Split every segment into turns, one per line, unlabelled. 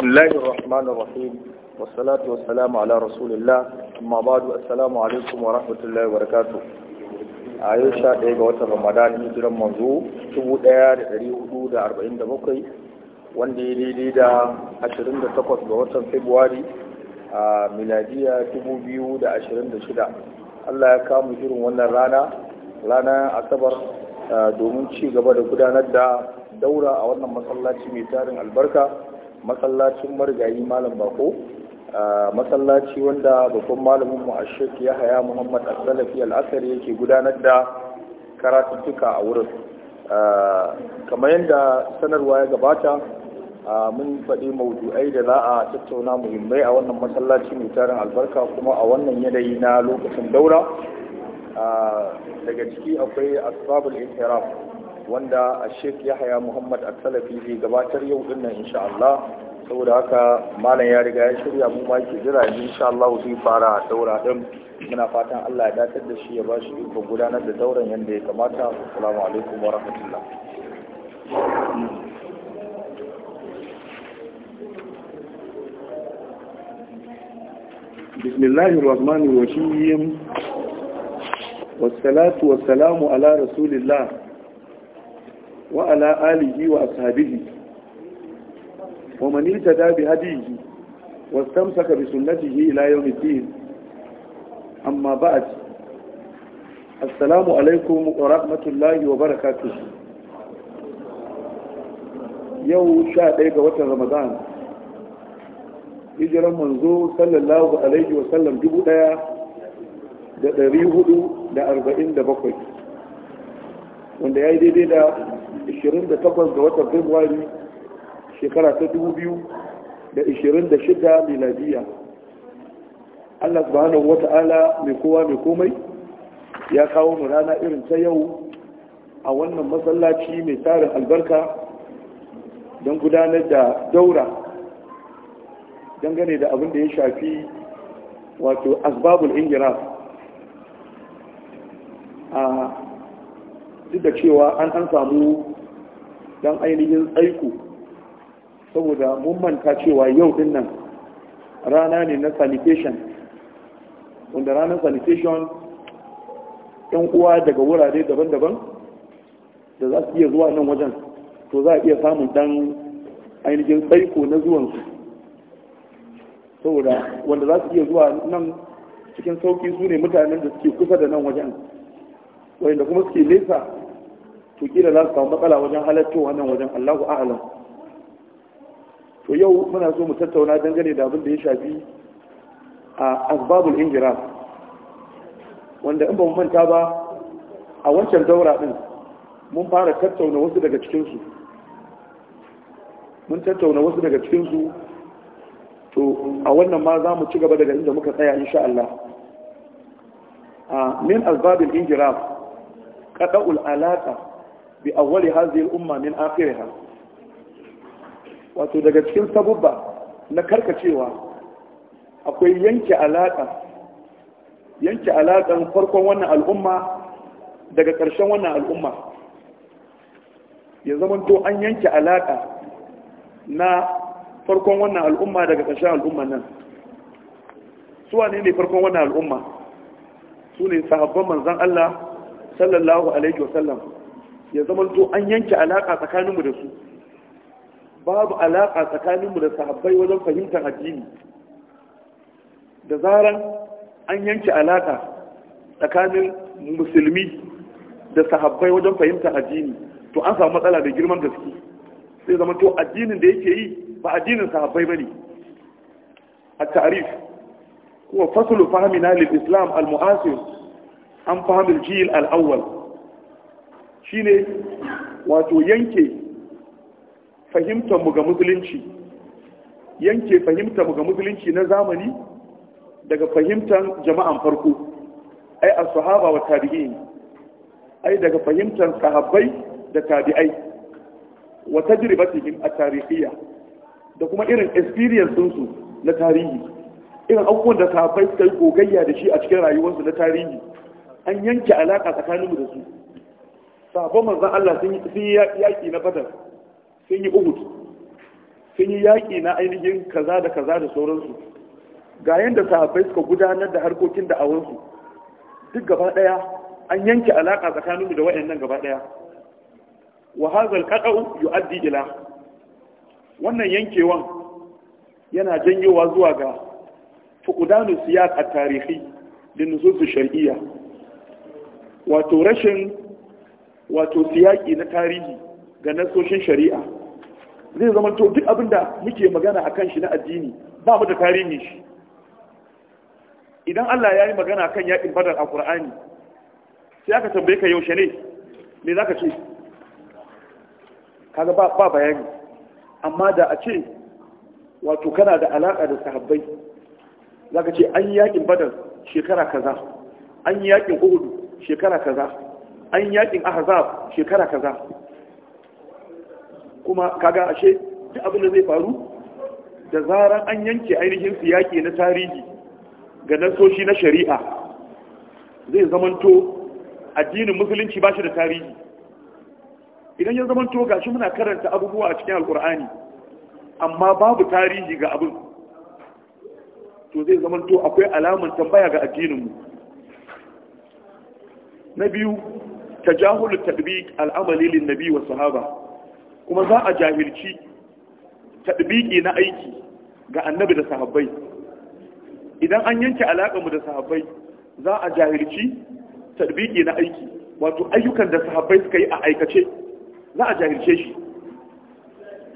بسم الله الرحمن الرحيم والصلاة والسلام على رسول الله أما بعد السلام عليكم ورحمة الله وبركاته a ga watan ramadan hijiran manzo dubu ɗaya da ɗari hudu da arba'in da bakwai wanda ya daidai da ashirin da takwas ga watan Fabrairu, a miladiya dubu biyu da ashirin da shida allah ya kama irin wannan rana ranar asabar domin ci gaba da gudanar da daura a wannan masallaci mai tarin albarka masallacin marigayi malam bako masallaci wanda babban malamin mu ashek ya haya muhammad asalafi al'asari yake gudanar da karatuttuka a wurin kamar yadda sanarwa ya gabata mun faɗi maudu'ai da za a tattauna muhimmai a wannan masallaci mai tarin albarka kuma a wannan yanayi na lokacin daura daga ciki akwai asbabul inhiraf wanda a ya yahaya muhammad al talafi zai gabatar yau din nan insha Allah saboda haka malam ya riga ya shirya mu ma ke jira yanzu insha Allah zai fara daura din muna fatan Allah ya datar da shi ya ba shi ikon gudanar da dauran yadda ya kamata assalamu alaikum wa rahmatullah bismillahi الله الرحمن
والصلاة والسلام على وعلى آله وأصحابه ومن اهتدى بهديه واستمسك بسنته إلى يوم الدين أما بعد السلام عليكم ورحمة الله وبركاته yau sha ɗaya ga watan ramadan hijiran manzo sallallahu alaihi wa sallam dubu ɗaya da ɗari hudu da arba'in da bakwai wanda ya yi daidai da 28 ga watan februari shekara ta 2026 miladiya allah subhanahu wata'ala mai kowa mai komai ya kawo mu rana irin ta yau a wannan masallaci mai tarin albarka don gudanar da daura dangane da abin da ya shafi wato asbabul ingira duk da cewa an an samu dan ainihin tsaiko saboda mun manta cewa yau din nan rana ne na sanitation wanda ranar sanitation yan uwa daga wurare daban-daban da za su iya zuwa nan wajen to za a iya samun dan ainihin tsaiko na zuwansu saboda wanda za su iya zuwa nan cikin sauki su ne mutanen da suke kusa da nan wajen wanda kuma suke nesa to kila za su samu matsala wajen halatto wannan wajen Allahu a'lam to yau muna so mu tattauna dangane da abin da ya shafi a asbabul injira wanda in ba mu manta ba a wancan daura din mun fara tattauna wasu daga cikin su mun tattauna wasu daga
cikin su to a wannan ma za mu ci gaba daga inda muka tsaya insha Allah a min asbabul injira qada'ul alaqa
bi awwali hadhihi al-umma min akhiriha wato daga cikin sabubba na karkacewa akwai yanke alaƙa yanke alaƙan farkon wannan al'umma daga ƙarshen wannan al'umma ya zama zamanto an yanke alaƙa na farkon wannan al'umma daga ƙarshen al'umma nan suwa ne ne farkon wannan al'umma su ne sahabban manzan Allah sallallahu alaihi wasallam ya zama to an yanke alaka tsakaninmu da su babu alaka tsakaninmu da sahabbai wajen fahimtar addini da zaran an yanke alaka tsakanin musulmi da sahabbai wajen fahimtar addini to an samu matsala da girman gaske sai zama to addinin da yake yi ba addinin sahabbai bane a tarif kuma fasulu fahimina lil islam al-mu'asir an fahimil jil al'awwal shi ne wato yanke fahimtarmu ga musulunci yanke fahimtarmu ga musulunci na zamani daga fahimtar jama'an farko ai a sahaba wa tabi'in ai daga fahimtar sahabbai da tabi'ai wa tajribatihim a tarihiyya da kuma irin experience su na tarihi irin abubuwan da sahabbai suka yi gogayya da shi a cikin rayuwarsu na tarihi an yanke alaƙa tsakaninmu da su sabon manzan Allah sun yi yaƙi na badar sun yi uhud sun yi yaƙi na ainihin kaza da kaza da sauransu ga yadda sahabbai suka gudanar da harkokin da'awansu duk gaba ɗaya an yanke alaƙa tsakaninmu da waɗannan gaba ɗaya wa hazal qada'u yu'addi ila wannan yankewan yana janyowa zuwa ga fuqdanu siyaq at-tarihi da nusus shar'iyya wato rashin wato siyaki na tarihi ga nasoshin shari'a zai zama to duk abinda muke magana akan shi na addini ba mu da tarihi shi idan Allah ya yi magana kan yakin badar a Qur'ani sai aka tambaye ka yaushe ne me zaka ce kaga ba ba bayani amma da a ce wato kana da alaka da sahabbai zaka ce an yakin badar shekara kaza an yakin uhud shekara kaza an yakin ahzab shekara kaza kuma kaga ashe duk abin da zai faru da zaran an yanke ainihin siyaki na tarihi ga nasoshi na shari'a zai zamanto addinin musulunci ba shi da tarihi idan ya zamanto gashi muna karanta abubuwa a cikin alkur'ani amma babu tarihi ga abin to zai zamanto akwai alaman tambaya ga addininmu na biyu ta tajahulu tadbiq al'amali na nabi wa sahaba kuma za a jahilci tadbiqi na aiki ga annabi da sahabbai idan an yanke alaƙar da sahabbai za a jahilci tadbiqi na aiki wato ayyukan da sahabbai suka yi a aikace za a jahilce shi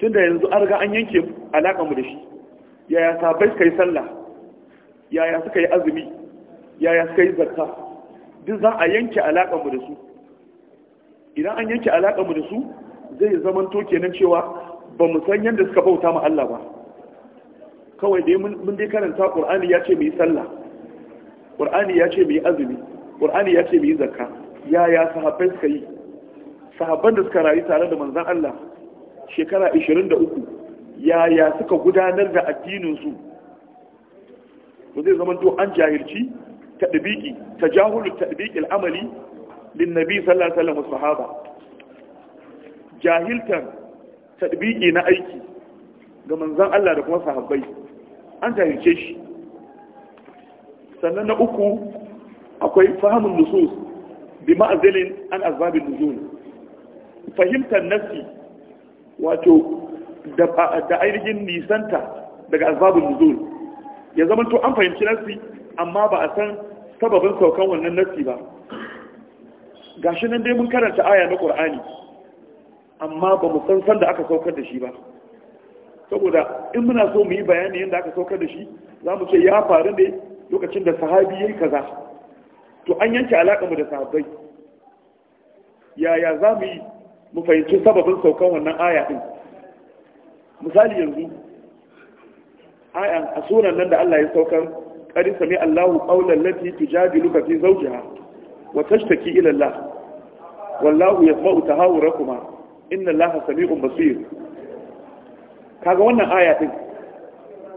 tunda yanzu an riga an yanke alaƙar da shi yaya sahabbai suka yi sallah yaya suka yi azumi yaya suka yi zarta? duk za a yanke alaƙanmu da su idan an yanke alaƙanmu da su zai to kenan cewa ba mu san yadda suka bauta ma Allah ba kawai dai mun dai karanta ƙur'ani ya ce mu yi sallah ƙur'ani ya ce mu yi azumi ƙur'ani ya ce mu yi zakka yaya sahabbai suka yi sahabban da suka rayu tare da manzan Allah shekara 23 yaya suka gudanar da addinin su? ba zai zama to an jahilci tadbiki tajahulu tadbiki al'amali lin nabi sallallahu alaihi wasallam sahaba jahiltan tadbiki na aiki ga manzon Allah da kuma sahabbai an jahilce shi sannan na uku akwai fahimun nusus bi ma'azilin an azbabin nuzul fahimtar nassi wato da ainihin nisanta daga azbabin nuzul ya zama to an fahimci nassi amma ba a san sababin saukan wannan nassi ba Ga shi nan dai mun karanta aya na ƙur'ani. amma ba mu san san da aka saukar da shi ba saboda in muna so mu yi bayani yadda aka saukar da shi za mu ce ya faru ne lokacin da sahabi ya yi kaza to an yanke alaƙa mu da sahabbai yaya za mu yi mu fahimci sababin saukan wannan aya ɗin misali yanzu ayan a sunan nan da Allah ya saukar qad sami Allahu qawlan lati tujadiluka fi zawjiha kaga wannan aya din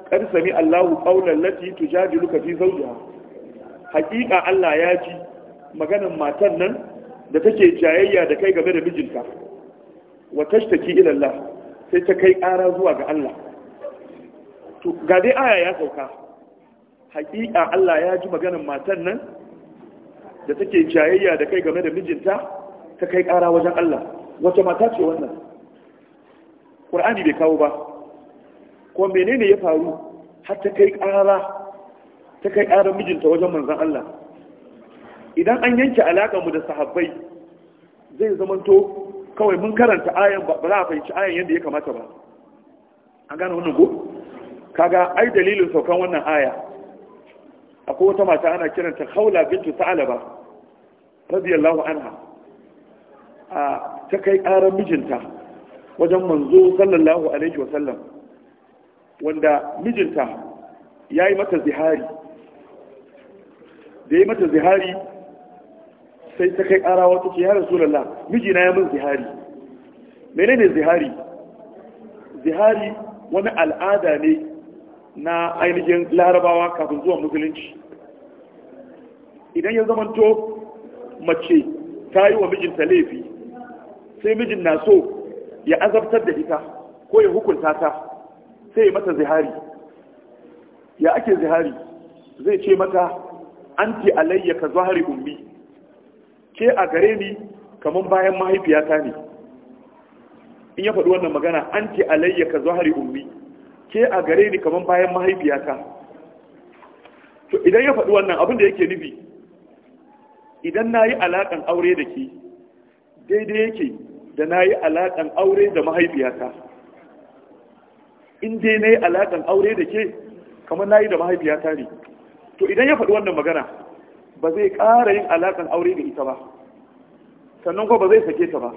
qad sami Allahu qawlan lati tujadiluka fi zawjiha haqiqa Allah ya ji maganar matar nan da take jayayya da kai game da mijinta wa tashtaki ila sai ta kai ƙara zuwa ga Allah to ga aya ya sauka haƙiƙa Allah ya ji maganin matan nan da take jayayya da kai game da mijinta ta kai ƙara wajen Allah wace mata ce wannan ƙur'ani bai kawo ba ko menene ya faru har ta kai ƙara ta kai ƙara mijinta wajen manzan Allah idan an yanke alaƙa mu da sahabbai zai zamanto kawai mun karanta ayan ba za a fahimci ayan yadda ya kamata ba an gane wannan ko kaga ai dalilin saukan wannan aya akwai wata mata ana kiranta khawla bintu ta'alaba radiyallahu anha a ta kai ƙarar mijinta wajen manzo sallallahu alaihi wasallam wanda mijinta ya yi mata zihari da ya yi mata zihari sai ta kai ƙara wata ce ya rasulallah mijina ya min zihari menene zihari zihari wani al'ada ne na ainihin larabawa kafin zuwa musulunci idan ya zamanto mace ta yi wa mijinta laifi sai mijin na so ya azabtar da ita ko ya hukunta ta sai ya mata zihari ya ake zihari zai ce mata an anti alayya ka zahari ummi ke a gare ni kamar bayan mahaifiyata ne in ya faɗi wannan magana an anti alayya ka zahari ummi ke a gare ni kamar bayan mahaifiyata to idan ya faɗi wannan abin da yake nufi idan na yi alaƙan aure da ke daidai yake da na yi alaƙan aure da mahaifiyata in dai na yi alaƙan aure da ke kamar na yi da mahaifiyata ne to idan ya faɗi wannan magana ba zai ƙara yin alaƙan aure da ita ba sannan kuma ba zai sake ta ba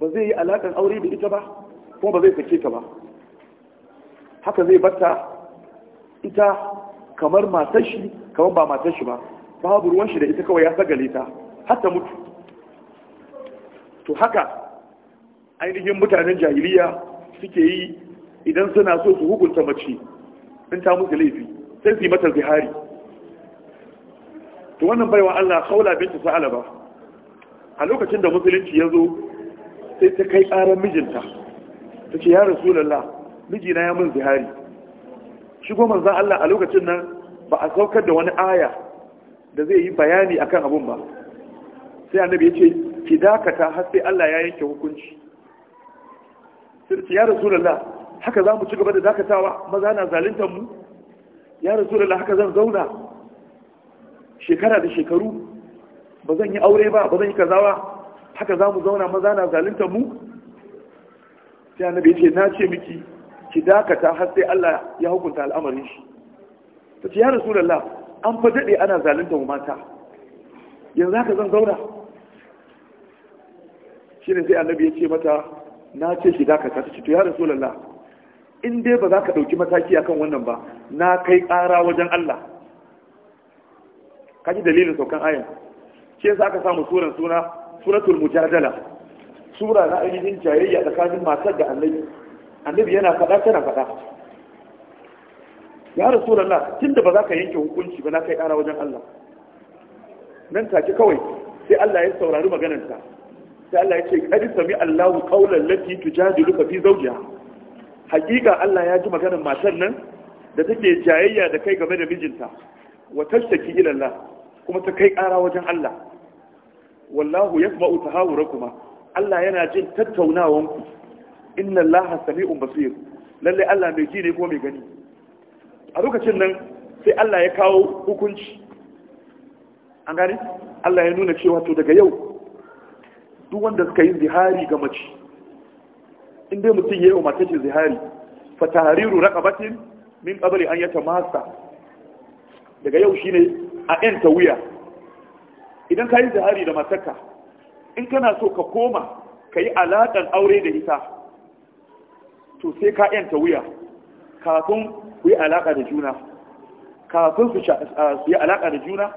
ba zai yi alaƙan aure da ita ba kuma ba zai sake ta ba haka zai batta ita kamar matar shi kamar ba matar shi ba babu ruwan shi da ita kawai ya sagale ta har ta mutu to haka ainihin mutanen jahiliya suke yi idan suna so su hukunta mace in ta musu laifi sai su yi mata zihari to wannan baiwa Allah kaula binta sa'ala ba a lokacin da musulunci ya zo sai ta kai ƙarar mijinta ta ce ya rasulallah mijina ya mun zihari shi goma Allah a lokacin nan ba a saukar da wani aya da zai yi bayani akan abun ba sai annabi ya ce ki dakata har sai Allah ya yanke hukunci sai ya rasulallah haka za mu ci gaba da dakatawa maza na zaluntar mu ya rasulallah haka zan zauna shekara da shekaru ba zan yi aure ba ba zan yi kazawa haka za mu zauna maza na zaluntar mu sai annabi ce na ce miki ki dakata har sai Allah ya hukunta al'amarin shi ta ce ya rasulullah an fa dade ana zalunta mu mata yanzu haka zan zauna ne sai annabi ya ce mata na ce ki dakata ta ce to ya rasulullah in dai ba za ka dauki mataki akan wannan ba na kai ƙara wajen Allah kaji dalilin saukan ayan shi yasa aka samu suran suna suratul mujadala sura na ainihin jayayya tsakanin matar da annabi annabi yana faɗa tana faɗa ya rasulallah tunda ba za ka yanke hukunci ba na kai ƙara wajen Allah nan take kawai sai Allah ya saurari maganarta sai Allah ya ce kadi sami Allahu qawlan lati tujadilu fi zawjiha hakika Allah ya ji maganar matar nan da take jayayya da kai game da mijinta wa tashtaki ila Allah kuma ta kai ƙara wajen Allah wallahu yasma'u tahawurakuma Allah yana jin tattaunawan ku inna Allah sami'un basir lalle Allah mai ji ko mai gani a lokacin nan sai Allah ya kawo hukunci an gani Allah ya nuna cewa to daga yau duk wanda suka yi zihari ga mace in dai mutum yayi wa matar shi zihari fa tahriru raqabatin min qabli an yatamassa daga yau shine a yanta wuya idan ka yi zihari da matarka in kana so ka koma ka yi alaƙar aure da ita to sai ka yanta wuya kafin ku yi alaƙa da juna kafin su yi alaƙa da juna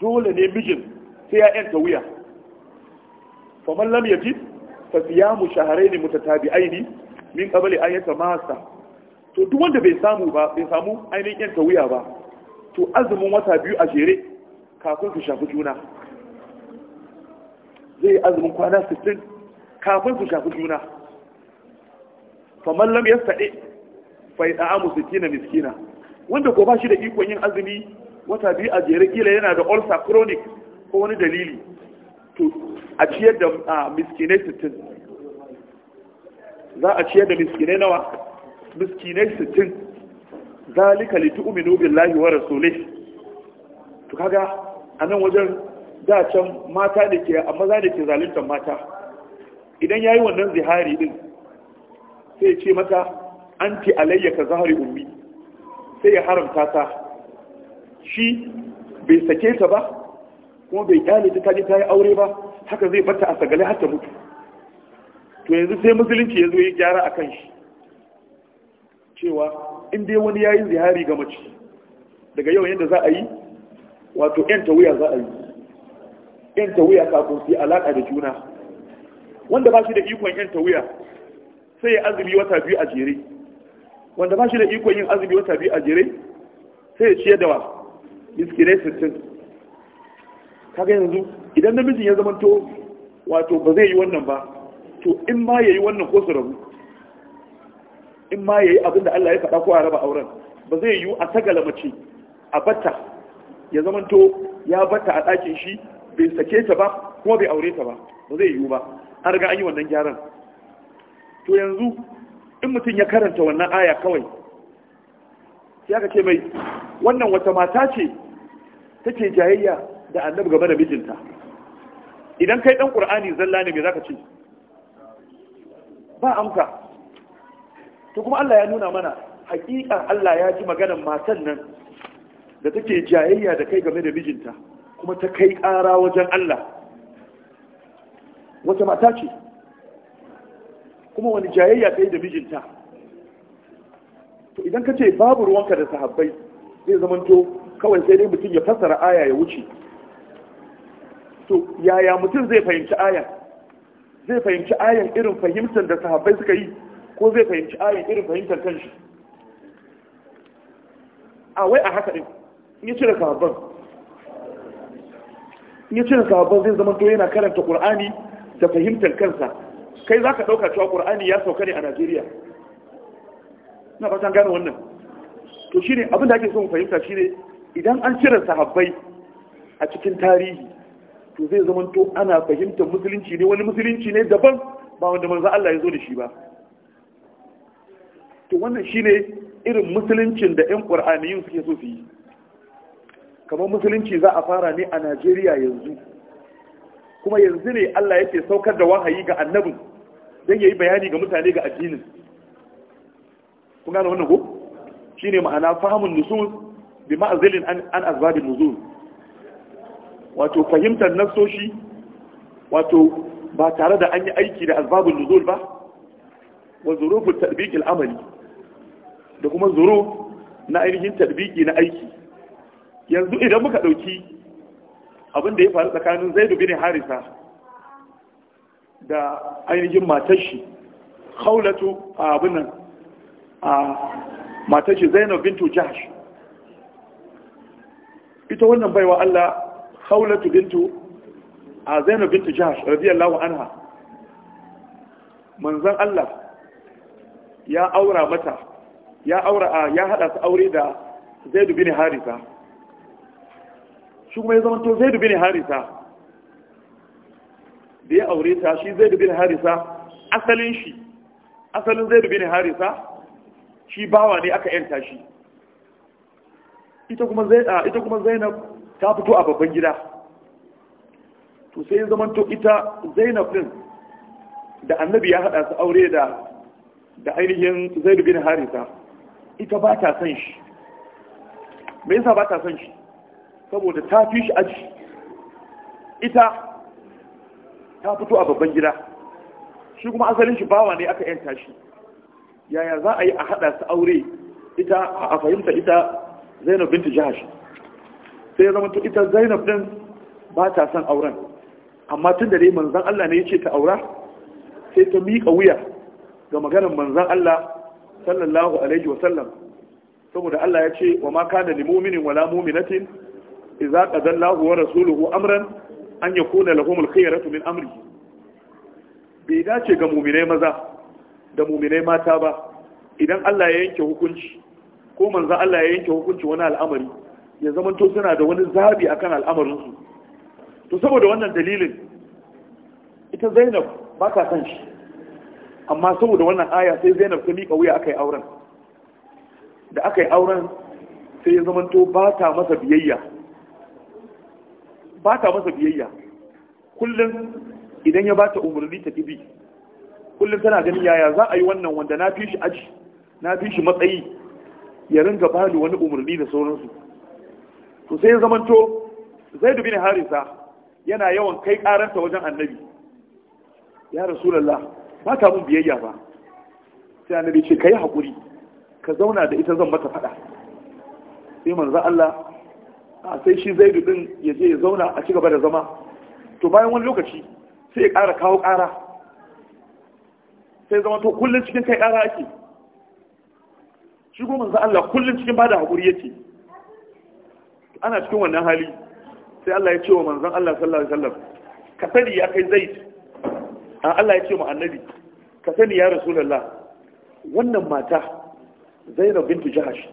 dole ne mijin sai ya yanta wuya faman mu ne ne mutu tabi aini min ƙabali an masa to duk wanda bai samu ba bai samu ainihin yanta wuya ba to azumin wata biyu a jere kafin su shafi juna zai azumin kwana sittin kafin su shafi juna faman lam saɗe fai ɗa'amu sittina miskina wanda ko ba shi da ikon yin azumi wata biyu a jere kila yana da ulcer chronic ko wani dalili to a ciyar da miskinai sittin za a ciyar da miskinai nawa miskinai sittin zalika li billahi wa rasulih to kaga a nan wajen da can mata da ke a maza da ke zaluntar mata idan ya yi wannan zihari din sai ce mata an ti alayyaka zahari ummi sai ya haramta ta shi bai sake ta ba kuma bai kyale ta kaji ta yi aure ba haka zai bata a sagale har ta mutu to yanzu sai musulunci ya zo ya gyara a kan shi cewa in dai wani ya yi zihari ga mace daga yau yadda za a yi wato 'yan ta wuya za a yi yanta wuya kafin su yi alaƙa da juna wanda ba shi da ikon yanta wuya sai ya azumi wata biyu a jere wanda ba shi da ikon yin azumi wata biyu a jere sai ya ciye da wa miskinai sittin kaga yanzu idan namijin ya zama to wato ba zai yi wannan ba to in ma ya yi wannan ko su rabu in ma ya yi abin da Allah ya faɗa ko a raba auren ba zai yi a tagala mace a batta ya zama to ya batta a ɗakin shi bai sake ta ba kuma bai aure ta ba ba zai yiwu ba an riga an yi wannan gyaran to yanzu in mutum ya karanta wannan aya kawai ya ka ce mai wannan wata mata ce take jayayya da annabi game da mijinta idan kai dan qur'ani zalla ne me zaka ce ba amka to kuma Allah ya nuna mana hakika Allah ya ji maganar matan nan da take jayayya da kai game da mijinta kuma ta kai ƙara wajen Allah wata mata ce kuma wani jayayya ta yi da mijinta to idan ka ce babu ruwanka da sahabbai zai zamanto kawai sai dai mutum ya fassara aya ya wuce to yaya mutum zai fahimci aya zai fahimci ayan irin fahimtar da sahabbai suka yi ko zai fahimci ayan irin fahimtar kanshi a wai a haka ɗin in ya cire sahabban ya cire sababbin zai zama yana karanta ƙul'ani da fahimtar kansa kai za ka ɗauka cewa ƙul'ani ya sauka ne a najeriya na fatan gane wannan to shine abin da ake son fahimta shine idan an cire sahabbai a cikin tarihi to zai zama to ana fahimtar musulunci ne wani musulunci ne daban ba wanda manzo Allah ya zo da shi ba to wannan shine irin musuluncin da ƴan qur'aniyun suke so su yi kamar musulunci za a fara ne a najeriya yanzu kuma yanzu ne allah yake saukar da wahayi ga annabin don ya yi bayani ga mutane ga addinin kun gane wannan ko shi ne ma'ana fahimun nusus bi ma'azilin an azbabin nuzul wato fahimtar nasoshi wato ba tare da an yi aiki da azbabin nuzul ba wa zurufin tadbiqil amali da kuma zuru na ainihin tadbiqi na aiki yanzu idan muka ɗauki abin da ya faru tsakanin zaidu bin harisa da ainihin matashi haulatu a abin nan a matashi zainab bintu jahash ita wannan baiwa Allah haulatu bintu a zainab bintu jahash radiyallahu anha manzan Allah ya aura mata ya aura ya hada su aure da zaidu bin harisa shi kuma ya zama to zai bin harisa da ya aure ta shi zai bin harisa asalin shi asalin zai bin harisa shi bawa ne aka yanta shi ita kuma zainab ta fito a babban gida to sai ya zama to ita zainab din da annabi ya hada su aure da da ainihin zai bin harisa ita ba ta san shi me yasa ba ta san shi saboda ta fi shi aji ita ta fito a babban gida shi kuma asalin shi bawa ne aka yanta shi yaya za a yi a haɗa su aure ita a fahimta ita zainab binta jihash sai ya zamanto ita zainab din ba ta son auren amma tun da dai manzan Allah ne ya ce ta aura sai ta miƙa wuya ga maganar manzan Allah sallallahu alaihi wasallam saboda Allah ya ce wa ma kana lil mu'minin wala mu'minatin iza qadallahu wa rasuluhu amran an yakuna lahum al-khiyaratu min amri bai dace ga mu'minai maza da mu'minai mata ba idan Allah ya yanke hukunci ko manzo Allah ya yanke hukunci wani al'amari ya zama to suna da wani zabi akan al'amarin su to saboda wannan dalilin ita Zainab ba ta san shi amma saboda wannan aya sai Zainab ta mika wuya akai auren da akai auren sai ya zama to ba ta masa biyayya ba ta masa biyayya kullum idan ya ba ta umarni ta bi kullum tana ganin yaya za a yi wannan wanda na fi shi aji na fi shi matsayi ya ringa ba ni wani umarni da sauransu to sai ya zamanto zai dubi harisa yana yawan kai karanta wajen annabi ya rasulallah ba ta mun biyayya ba sai annabi ce ka yi haƙuri ka zauna da ita zan mata faɗa sai manzo Allah A sai shi zai din ya je ya zauna a cigaba da zama to bayan wani lokaci sai ya ƙara kawo ƙara sai zama to kullum cikin kai ƙara ake shi kuma manzo Allah kullum cikin bada hakuri yake ana cikin wannan hali sai Allah ya ce wa manzon Allah sallallahu alaihi wasallam ka sani ya kai zaid an Allah ya ce mu annabi ka sani ya rasulullah wannan mata zainab bintu jahash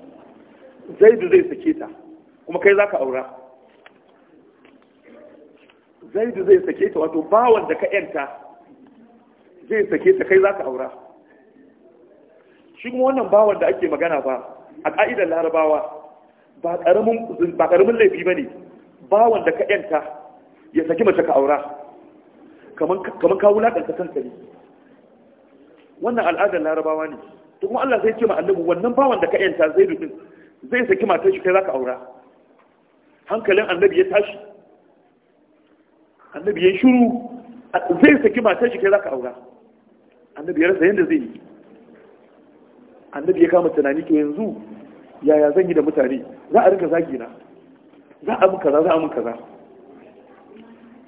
zaid zai sake ta kuma kai za ka aura zaidu zai sake ta wato bawan da ka yanta zai sake ta kai za ka aura shi kuma wannan bawan da ake magana ba a ƙa'idar larabawa ba ƙaramin laifi ba ne bawan da ka yanta ya saki mace ka aura kamar ka wulaƙanta kanka ne wannan al'adar larabawa ne to kuma Allah zai ce ma annabi wannan bawan da ka yanta zai rufin zai saki matar shi kai za ka aura hankalin annabi ya tashi annabi ya shiru zai saki matar shi kai za ka aura annabi ya rasa yadda zai yi annabi ya kama tunani to yanzu yaya zan yi da mutane za a rika zagi na za a mun kaza za a mun kaza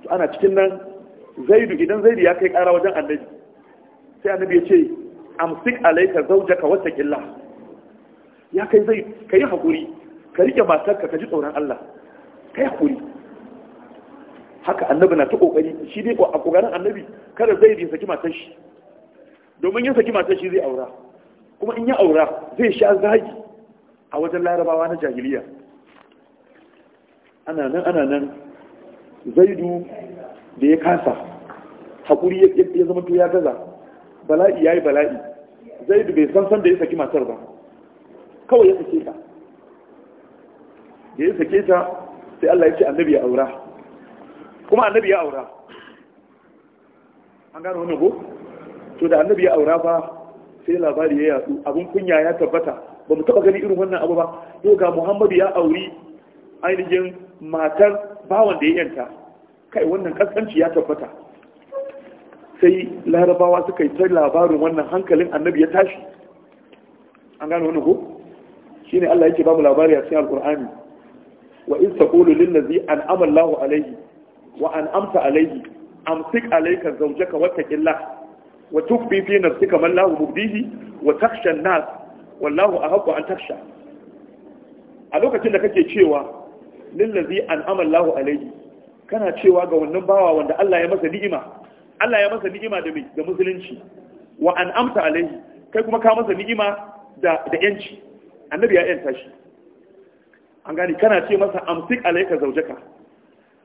to ana cikin nan zaidu idan zaidu ya kai kara wajen annabi sai annabi ya ce amsik alaika zaujaka wata killa ya kai zai ka yi hakuri ka rike matarka ka ji tsoron Allah kai hakuri haka annabi na ta kokari shi dai a kokarin annabi kada zai bi saki matar shi domin yin saki matar shi zai aura kuma in ya aura zai sha zagi a wajen larabawa na jahiliya ana nan ana nan zaidu da ya kasa hakuri ya zama to ya gaza bala'i ya yi bala'i zaidu bai san san da ya saki matar ba kawai ya sake ta da ya sake ta sai Allah ya ce annabi ya aura kuma annabi ya aura an gano wannan ko to da annabi ya aura ba sai labari ya yatsu abin kunya ya tabbata ba mu taba gani irin wannan abu ba yau ga Muhammadu ya auri ainihin matar bawan da ya yanta kai wannan kaskanci ya tabbata sai larabawa suka yi ta labarin wannan hankalin annabi ya tashi an gano wannan ko shine Allah yake ba mu labari a cikin alkur'ani wa in taqulu lil ladzi an'ama Allahu alayhi wa an'amta alayhi amsik alayka zawjaka wattaqillah wa tukfi fi nafsika man lahu mubdihi wa takhsha an-nas wallahu ahaqqu an takhsha a lokacin da kake cewa lil an an'ama Allahu alayhi kana cewa ga wannan bawa wanda Allah ya masa ni'ima Allah ya masa ni'ima da da musulunci wa an an'amta alayhi kai kuma ka masa ni'ima da da yanci annabi ya yanta shi an gani kana ce masa amsik alaika zaujaka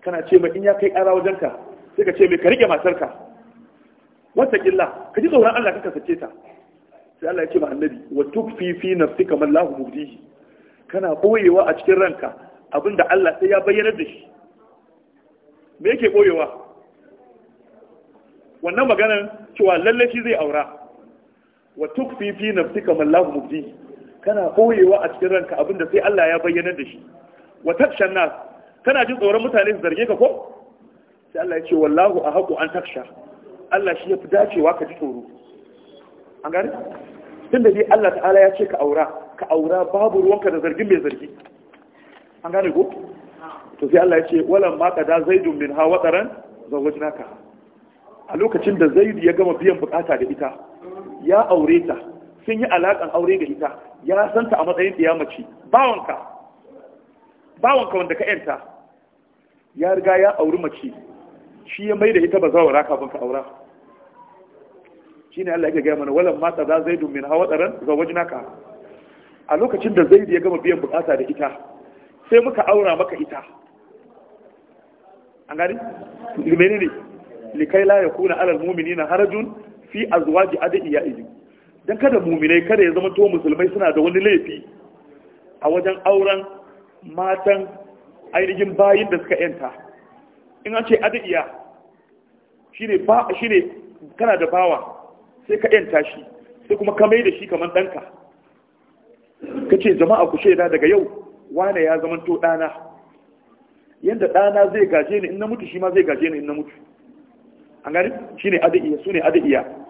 kana ce mai in ya kai ƙara wajenka sai ka ce mai ka rike matarka wata killa ka ji tsoron Allah ka sace ta sai Allah ya ce ma annabi wa tukfi fi nafsi kamar lahu mubdihi kana boyewa a cikin ranka abinda Allah sai ya bayyana da shi me yake boyewa wannan maganar cewa lalle shi zai aura wa tukfi fi nafsi kamar lahu mubdihi kana koyewa a cikin ranka abin da sai Allah ya bayyana da shi wa takshan nas kana jin tsoron mutane su zarge ka ko sai Allah ya ce wallahu ahqu an taksha Allah shi ya fi dacewa ka ji tsoro an gane tunda dai Allah ta'ala ya ce ka aura ka aura babu ruwanka da zargin mai zargi an gane ko to sai Allah ya ce walan ma kada zaidun min ha wataran zawajnaka a lokacin da zaidu ya gama biyan bukata da ita ya aure ta sun yi alaƙan aure da ita ya santa a matsayin ɗiya mace bawanka bawanka wanda ka yanta ya riga ya auri mace shi ya mai da ita ba za wa raka ban ka aura Shi ne Allah ya gaya mana walan mata za zai domin hawa tsaran naka a lokacin da zai ya gama biyan bukata da ita sai muka aura maka ita an gani menene likai la na alal na harajun fi iya adiyaihim don kada muminai kada ya zama to musulmai suna da wani laifi a wajen auren matan ainihin bayin da suka yanta in an ce adiya shine ba shine kana da bawa sai ka yanta shi sai kuma ka mai da shi kamar ɗanka ka ce jama'a ku shaida daga yau wane ya zama to ɗana yadda ɗana zai gaje ni in na mutu shi ma zai gaje ni in na mutu an gani shine adiya su ne adiya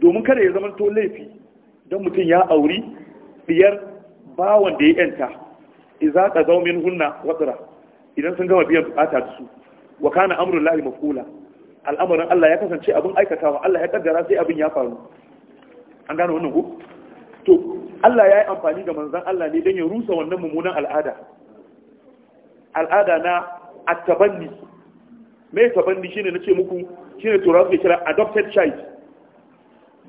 domin kada ya zamanto laifi don mutum ya auri biyar bawan da ya yanta iza ka zau min hunna watsara idan sun gama biyan bukata da su wa kana amrul lahi mafula al'amarin Allah ya kasance abin aikatawa Allah ya kaddara sai abin ya faru an gano wannan ko to Allah ya yi amfani da manzan Allah ne don ya rusa wannan mummunan al'ada al'ada na attabanni me tabanni shine nace muku shine turawa ke kira adopted child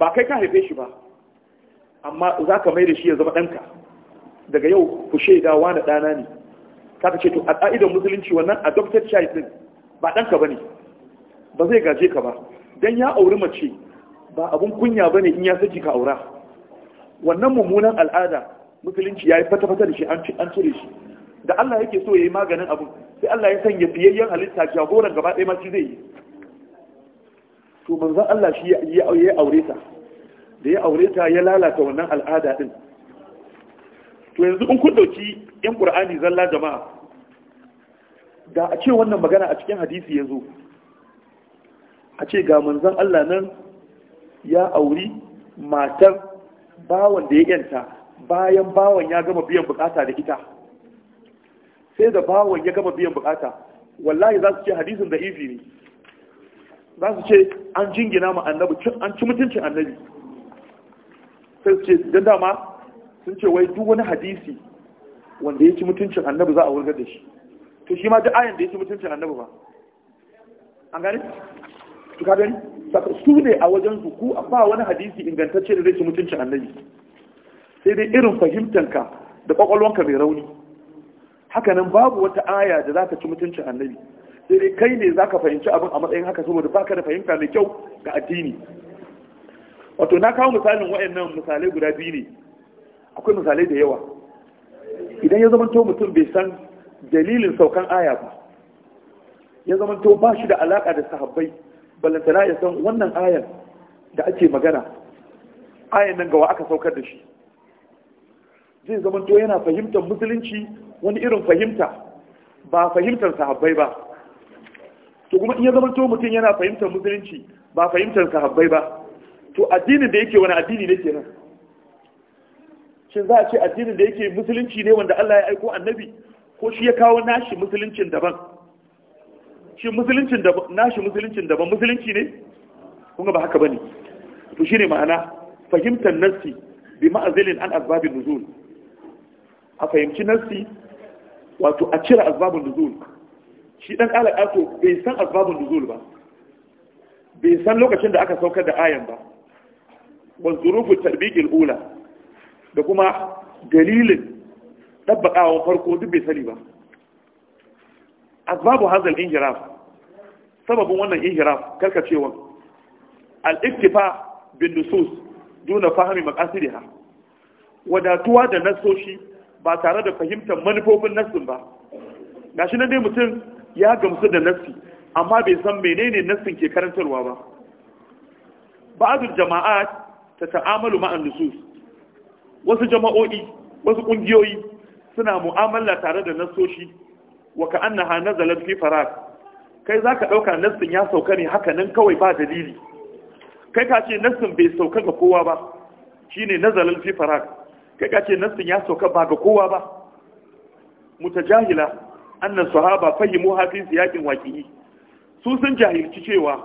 ba kai ka haife shi ba amma za ka mai da shi ya zama ɗanka daga yau ku shaida wani ɗana ne kaka ce to a ƙa'idar musulunci wannan adopted child din ba ɗanka ba ne ba zai gaje ka ba don ya auri mace ba abun kunya ba ne in ya saki ka aura wannan mummunan al'ada musulunci ya yi fata-fata da shi an cire shi da Allah yake so ya yi maganin abun sai Allah ya sanya fiyayyen halitta jagoran gaba ɗaya ma shi zai yi to manzon Allah shi ya aure ta da ya aure ta ya lalata wannan al'ada din to yanzu in kun dauki yan qur'ani zalla jama'a da a ce wannan magana a cikin hadisi yanzu. a ce ga manzon Allah nan ya auri matar bawan da ya yanta bayan bawan ya gama biyan bukata da ita sai da bawan ya gama biyan bukata wallahi za su ce hadisin da ifi ne za su ce an jingina ma annabi an ci mutuncin annabi sai su ce don dama sun ce wai duk wani hadisi wanda ya ci mutuncin annabi za a wurgar da shi to shi ma duk ayan da ya ci mutuncin annabi ba an gane su ka gani su ne a wajen su ku ba wani hadisi ingantacce da zai ci mutuncin annabi sai dai irin fahimtanka da kwakwalwanka mai rauni hakanan babu wata aya da za ta ci mutuncin annabi sai dai kai ne za ka fahimci abin a matsayin haka saboda ba ka da fahimta mai kyau ga addini wato na kawo misalin wayannan misalai guda biyu ne akwai misalai da yawa idan ya zama to mutum bai san dalilin saukan aya ba ya zama to ba shi da alaka da sahabbai ballantana ya san wannan ayan da ake magana ayan nan gawa aka saukar da shi zai zama to yana fahimtar musulunci wani irin fahimta ba fahimtar sahabbai ba to kuma in ya zama to mutum yana fahimtar musulunci ba fahimtar sahabbai ba to addinin da yake wani addini ne kenan shin za a ce addinin da yake musulunci ne wanda Allah ya aiko annabi ko shi ya kawo nashi musuluncin daban shi musuluncin da nashi musuluncin daban musulunci ne kun ba haka bane to shine ma'ana fahimtar nassi bi ma'azilin an asbabin nuzul a fahimci nassi wato a cire asbabin nuzul shi dan kala kato bai san asbabun nuzul ba bai san lokacin da aka saukar da ayan ba wa zurufu tarbiqil ula da kuma dalilin tabbakawa farko duk bai sani ba asbabu hazal injiraf sababin wannan injiraf karkacewa al-iktifa bin nusus duna fahimi maqasidiha wadatuwa da nasoshi ba tare da fahimtar manufofin nassin ba gashi nan dai mutum ya gamsu da nassi amma bai san menene nassin ke karantarwa ba ba'adul jama'a ta ta'amalu ma'an nusus wasu jama'o'i wasu kungiyoyi suna mu'amala tare da nasoshi wa ka annaha nazalat fi farad kai zaka dauka nassin ya sauka ne haka nan kawai ba dalili kai ka ce nassin bai sauka ga kowa ba shine nazalat fi farad kai ka ce nassin ya sauka ba ga kowa ba mutajahila annan sahaba fahimu hafin siyakin waƙi'i su sun jahilci cewa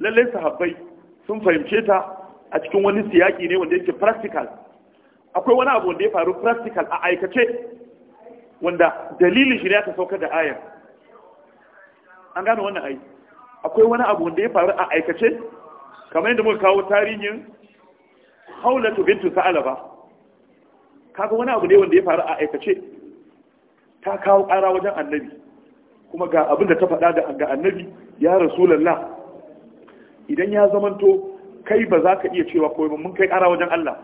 lallai sahabbai sun fahimce ta a cikin wani siyaki ne wanda yake practical akwai wani abu wanda ya faru practical a aikace wanda dalilin shi ne aka sauka da ayar an gano wannan ai akwai wani abu wanda ya faru a aikace kamar yadda muka kawo tarihin haulatu bintu sa'alaba kaga wani abu ne wanda ya faru a aikace ta kawo ƙara wajen annabi kuma ga abin da ta faɗa ga annabi ya rasulallah idan ya zamanto kai ba za ka iya cewa kawai mun kai ƙara wajen Allah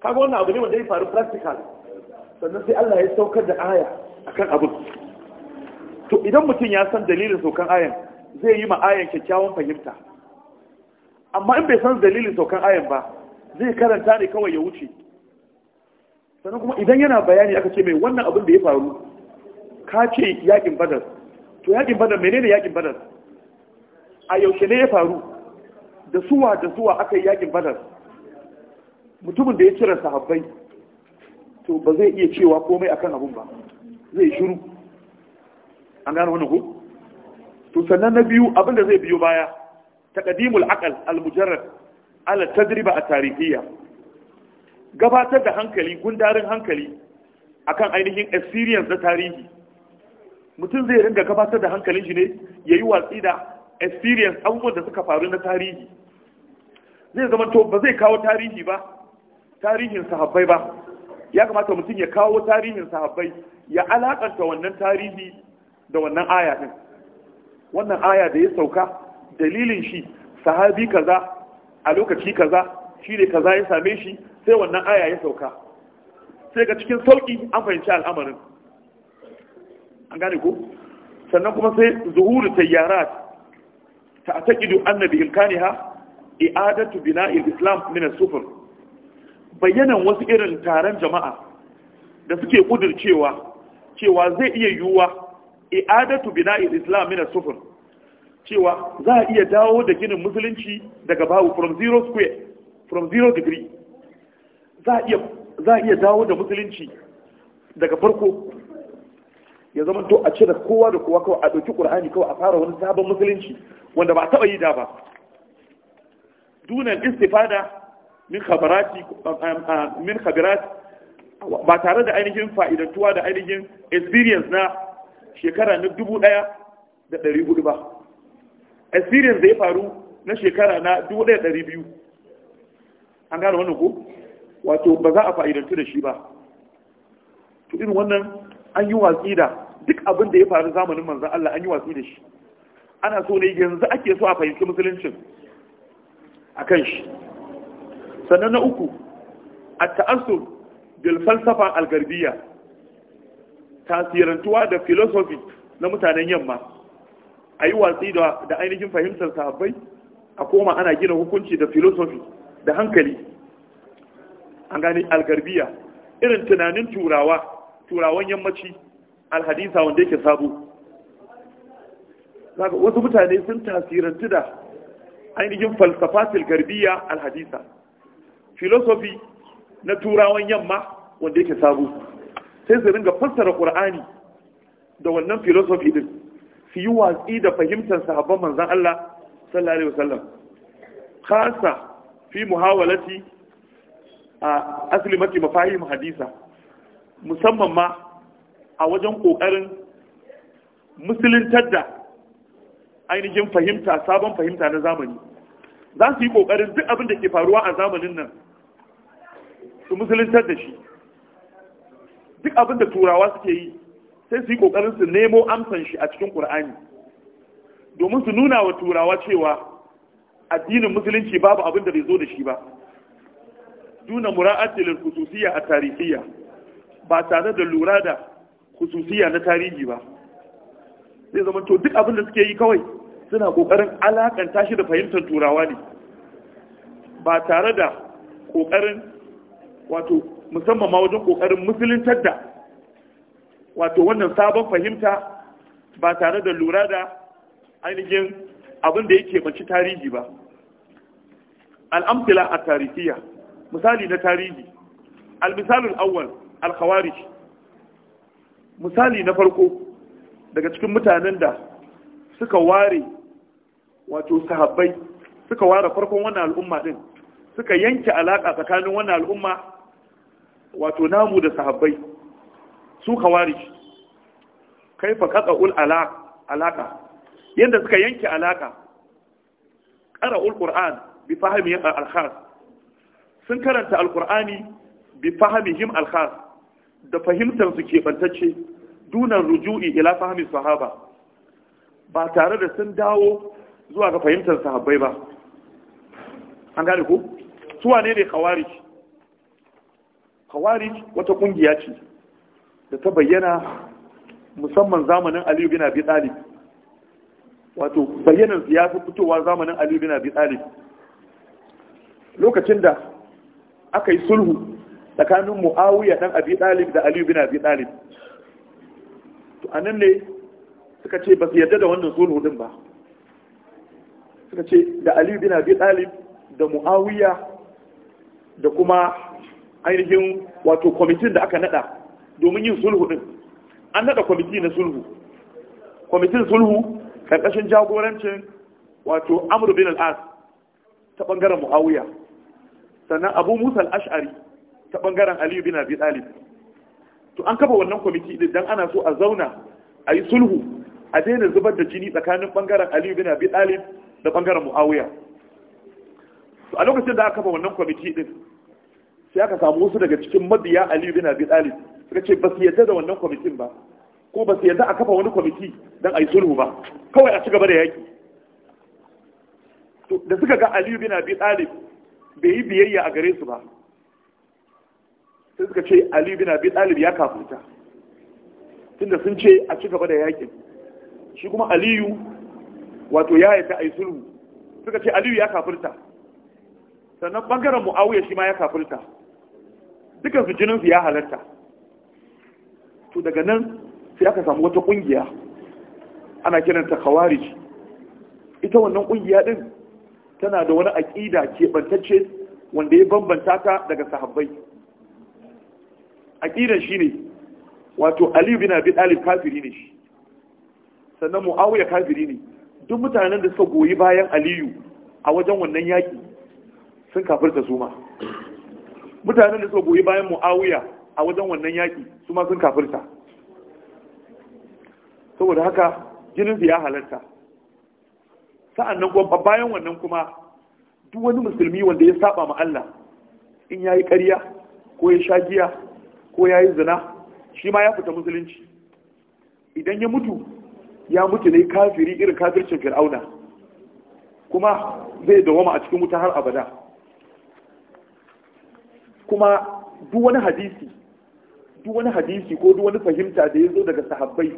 kaga wannan abu ne wanda ya faru practical sannan sai Allah ya saukar da aya akan abin to idan mutum ya san dalilin saukan ayan zai yi ma ayan kyakkyawan fahimta amma in bai san dalilin saukan ayan ba zai karanta ne kawai ya wuce sannan kuma idan yana bayani aka ce mai wannan abin da ya faru ka ce yaƙin badar to yakin badar menene yakin badar a yaushe ne ya faru da suwa da suwa aka yi yakin badar mutumin da ya cire sahabbai to ba zai iya cewa komai akan abun ba zai shiru an gano wani ku? to sannan na biyu abin da zai biyo baya taqdimul aqal al mujarrad ala tajriba at tarihiyya gabatar da hankali gundarin hankali akan ainihin experience na tarihi mutum zai ringa gabatar da hankalin shi ne ya yi watsi da experience abubuwan da suka faru na tarihi zai zama to ba zai kawo tarihi ba tarihin sahabbai ba ya kamata mutum ya kawo tarihin sahabbai ya alakanta wannan tarihi da wannan aya din wannan aya da ya sauka dalilin shi sahabi kaza a lokaci kaza shi ne kaza ya same shi sai wannan aya ya sauka sai ga cikin sauki an fahimci al'amarin an gane ko sannan kuma sai zuhuru tayyarat ta ataqidu anna bi imkaniha i'adatu bina'il islam min as-sufur bayanan wasu irin taron jama'a da suke kudircewa cewa zai iya yiwuwa i'adatu bina'il islam min as-sufur cewa za a iya dawo da ginin musulunci daga babu from zero square from zero degree za a iya dawo da musulunci daga farko ya zama to a cire kowa da kowa kawai a ɗauki ƙur'ani kawai a fara wani sabon musulunci wanda ba a taɓa yi da ba dunan istifada min khabarati min khabarat ba tare da ainihin fa'idantuwa da ainihin experience na shekara na dubu ɗaya da ɗari hudu ba experience da ya faru na shekara na dubu ɗaya ɗari biyu an gane wannan ko wato ba za a fa'idantu da shi ba to irin wannan an yi watsi da duk abin da ya faru zamanin manzan Allah an yi watsi da shi ana so ne yanzu ake so a fahimci musuluncin a kan shi sannan na uku a ta'assub bil falsafa algarbiya tasirantuwa da filosofi na mutanen yamma a yi watsi da ainihin fahimtar sahabbai a koma ana gina hukunci da philosophy da hankali an gani algarbiya irin tunanin turawa turawan yammaci alhadisa wanda yake sabu. wasu mutane sun tasirantu da ainihin falsafatil garbiya alhadisa filosofi na turawan yamma wanda yake sabu. sai su ringa fassara ƙur'ani da wannan filosofi din su yi watsi da fahimtar sahabban manzan Allah sallallahu alaihi wasallam khasa fi muhawalati a mafi mafahim hadisa musamman ma a wajen ƙoƙarin musuluntar da ainihin fahimta sabon fahimta na zamani za su yi ƙoƙarin duk abin da ke faruwa a zamanin nan su musuluntar da shi duk abin da turawa suke yi sai su yi ƙoƙarin su nemo amsan shi a cikin ƙur'ani domin su nuna wa turawa cewa addinin musulunci babu abin da bai zo da shi ba duna mura'atil khususiyya a tarihiyya ba tare da lura da kususiya na tarihi ba zai zama to duk abin da suke yi kawai suna kokarin alakanta shi da fahimtar turawa ne ba tare da kokarin wato musamman ma wajen kokarin musuluntar da wato wannan sabon fahimta ba tare da lura da ainihin abin da yake mace tarihi ba Al'amfila a tarihiya misali na tarihi al-misalul awwal alkhawarij misali na farko daga cikin mutanen da suka ware wato sahabbai suka ware farkon wannan al'umma din suka yanke alaka tsakanin wannan al'umma wato namu da sahabbai su khawarij kaifa qata'ul alaka yanda suka yanke alaka qara'ul qur'an bi fahmi al-khas sun karanta al-qur'ani bi fahmihim al-khas da fahimtar su keɓantacce dunan ruju'i ila fahimi sahaba ba tare da sun dawo zuwa ga fahimtar sahabbai ba an gane ku? suwa ne ne khawarij khawarij wata kungiya ce da ta bayyana musamman zamanin aliyu bin abi talib wato bayyanan ya fi fitowa zamanin aliyu bin abi talib lokacin da aka yi sulhu tsakanin mu'awiya dan abi dalib da aliyu bin abi dalib to anan ne suka ce ba su yarda da wannan sulhu din ba suka ce da aliyu bin abi dalib da mu'awiya da kuma ainihin wato kwamitin da aka nada domin yin sulhu din an nada kwamiti na sulhu kwamitin sulhu karkashin jagorancin wato amr bin al-as ta bangaren mu'awiya sannan abu musa al-ash'ari ta bangaren aliyu bin abi talib to an kafa wannan kwamiti din dan ana so a zauna a yi sulhu a daina zubar da jini tsakanin bangaren aliyu bin abi talib da bangaren muawiya to a lokacin da aka kafa wannan kwamiti din sai aka samu wasu daga cikin mabiya aliyu bin abi talib suka ce ba su yadda da wannan kwamitin ba ko ba su yadda a kafa wani kwamiti don a yi sulhu ba kawai a ci gaba da yaki da suka ga aliyu bin abi talib bai yi biyayya a gare su ba sai suka ce ali bin abi talib ya kafurta tunda sun ce a ci gaba da yakin shi kuma aliyu wato ya yi ta aisulu sulhu suka ce aliyu ya kafurta sannan bangaren muawiya shi ma ya kafurta dukan su jinin su ya halarta to daga nan sai aka samu wata kungiya ana kiranta khawarij ita wannan kungiya din tana da wani aƙida keɓantacce wanda ya bambanta ta daga sahabbai aqidan shi ne wato Ali bin Abi Talib kafiri ne shi sannan Muawiya kafiri ne duk mutanen da suka goyi bayan Aliyu a wajen wannan yaki sun kafirta su ma mutanen da suka goyi bayan Muawiya a wajen wannan yaki su ma sun kafirta saboda haka jinin ya halarta sa'annan kuma bayan wannan kuma duk wani musulmi wanda ya saba ma Allah in yayi ƙarya ko ya sha giya ko ya yi zina shi ma ya fita musulunci idan ya mutu ya mutu ne kafiri irin kafircin fir'auna kuma zai dawama a cikin wuta har abada kuma duk wani hadisi duk wani hadisi ko duk wani fahimta da ya zo daga sahabbai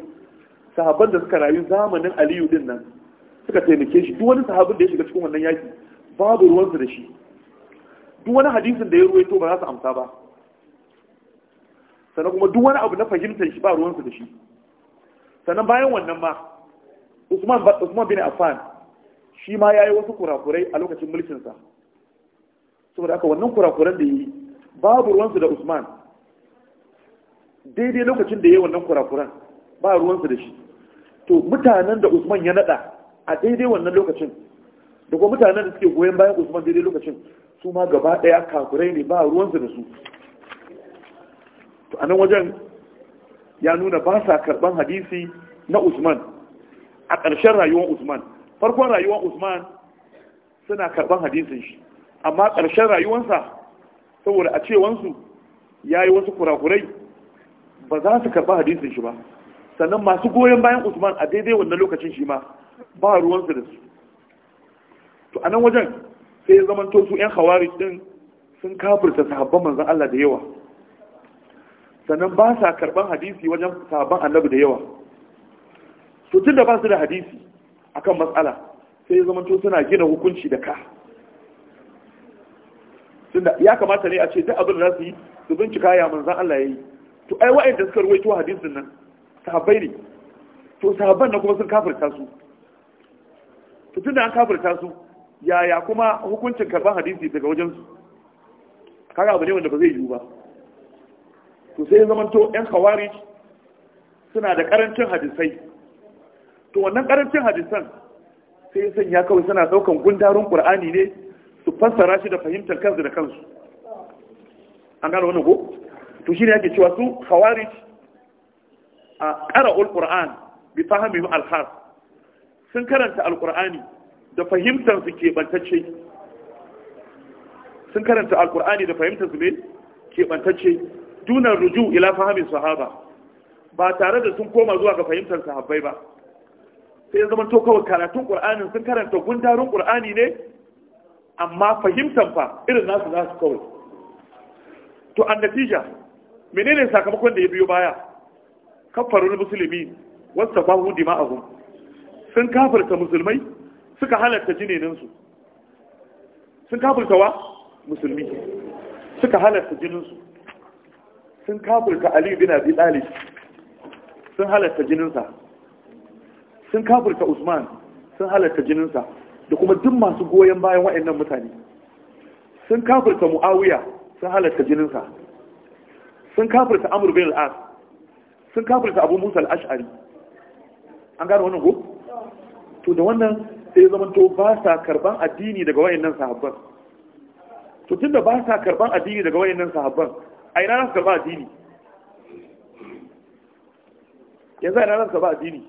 sahabban da suka rayu zamanin aliyu din nan suka taimake shi duk wani sahabin da ya shiga cikin wannan yaki babu ruwansu da shi duk wani hadisin da ya ruwaito ba za su amsa ba sannan kuma duk wani abu na fahimtar shi ba ruwansu da shi sannan bayan wannan ma usman usman bin affan shi ma yayi wasu kurakurai a lokacin mulkinsa saboda haka wannan kurakuran da yi babu ruwansu da usman daidai lokacin da yayi wannan kurakuran ba ruwansu da shi to mutanen da usman ya nada a daidai wannan lokacin da kuma mutanen da suke goyon bayan usman daidai lokacin su ma gaba daya kakurai ne ba ruwansu da su to a wajen ya nuna ba sa karban hadisi na usman a ƙarshen rayuwar usman farkon rayuwar usman suna karban hadisin shi amma ƙarshen rayuwarsa saboda a cewansu ya yi wasu kurakurai ba za su karba hadisin shi ba sannan masu goyon bayan usman a daidai wannan lokacin shi ma ba ruwansu da su to a wajen sai ya zamanto su 'yan hawari din sun kafirta sahabban manzon Allah da yawa sannan ba sa karban hadisi wajen sabon annabi da yawa su tun da ba su da hadisi akan matsala sai ya zama suna gina hukunci da ka tunda ya kamata ne a ce duk abin da za su yi su bincika ya manzan Allah ya yi to ai da suka ruwaito hadisin nan sahabbai ne to sahabban na kuma sun kafirta su to tunda an kafirta su yaya kuma hukuncin karban hadisi daga wajen su kaga abu ne wanda ba zai yiwu ba to sai zaman to yan kawari suna da karancin hadisai to wannan karancin hadisan sai sun ya kawai suna daukan gundarun ƙurani ne su fassara shi da fahimtar kansu da kansu an gano wani ko to shi ne yake cewa su kawari a ƙara qur'an bi fahmi al-khas sun karanta al-qur'ani da fahimtar su ke bantacce sun karanta al ƙurani da fahimtar su ne ke bantacce dunar ruju ila fahimin sahaba ba tare da sun koma zuwa ga fahimtar sahabbai ba sai zaman to kawai karatun qur'anin sun karanta gundarun qur'ani ne amma fahimtar fa irin nasu za su kawai to an natija menene sakamakon da ya biyo baya kafarul musulmi wasta bahu dima'ahum sun kafirta musulmai suka halatta jininsu sun kafirta wa musulmi suka halatta jininsu sun kafurta Ali bin Abi Talib sun halatta jininsa sun kafurta Usman sun halatta jininsa da kuma duk masu goyon bayan waɗannan mutane sun kafurta Muawiya sun halatta jininsa sun kafurta Amr bin al-As sun kafurta Abu Musa al-Ash'ari an gano wannan ko to da wannan sai zama to ba sa karban addini daga waɗannan sahabban to tunda ba sa karban addini daga waɗannan sahabban a ina za ba karɓa addini yanzu a ina za ba karɓa addini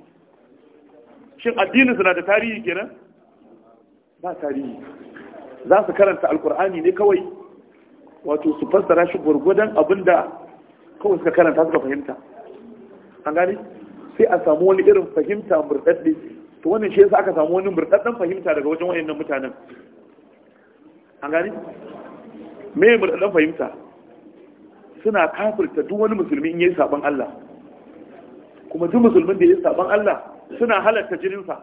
shin addinin suna da tarihi kenan ba tarihi za su karanta alkur'ani ne kawai wato su fassara shi gwargwadon abinda kawai suka karanta suka fahimta an gani sai a samu wani irin fahimta murɗaɗɗe to wannan shi yasa aka samu wani murɗaɗɗen fahimta daga wajen wayannan mutanen an gani me murɗaɗɗen fahimta suna kafirta duk wani musulmi in yayi sabon Allah kuma duk musulmin da yayi sabon Allah suna halarta jininsa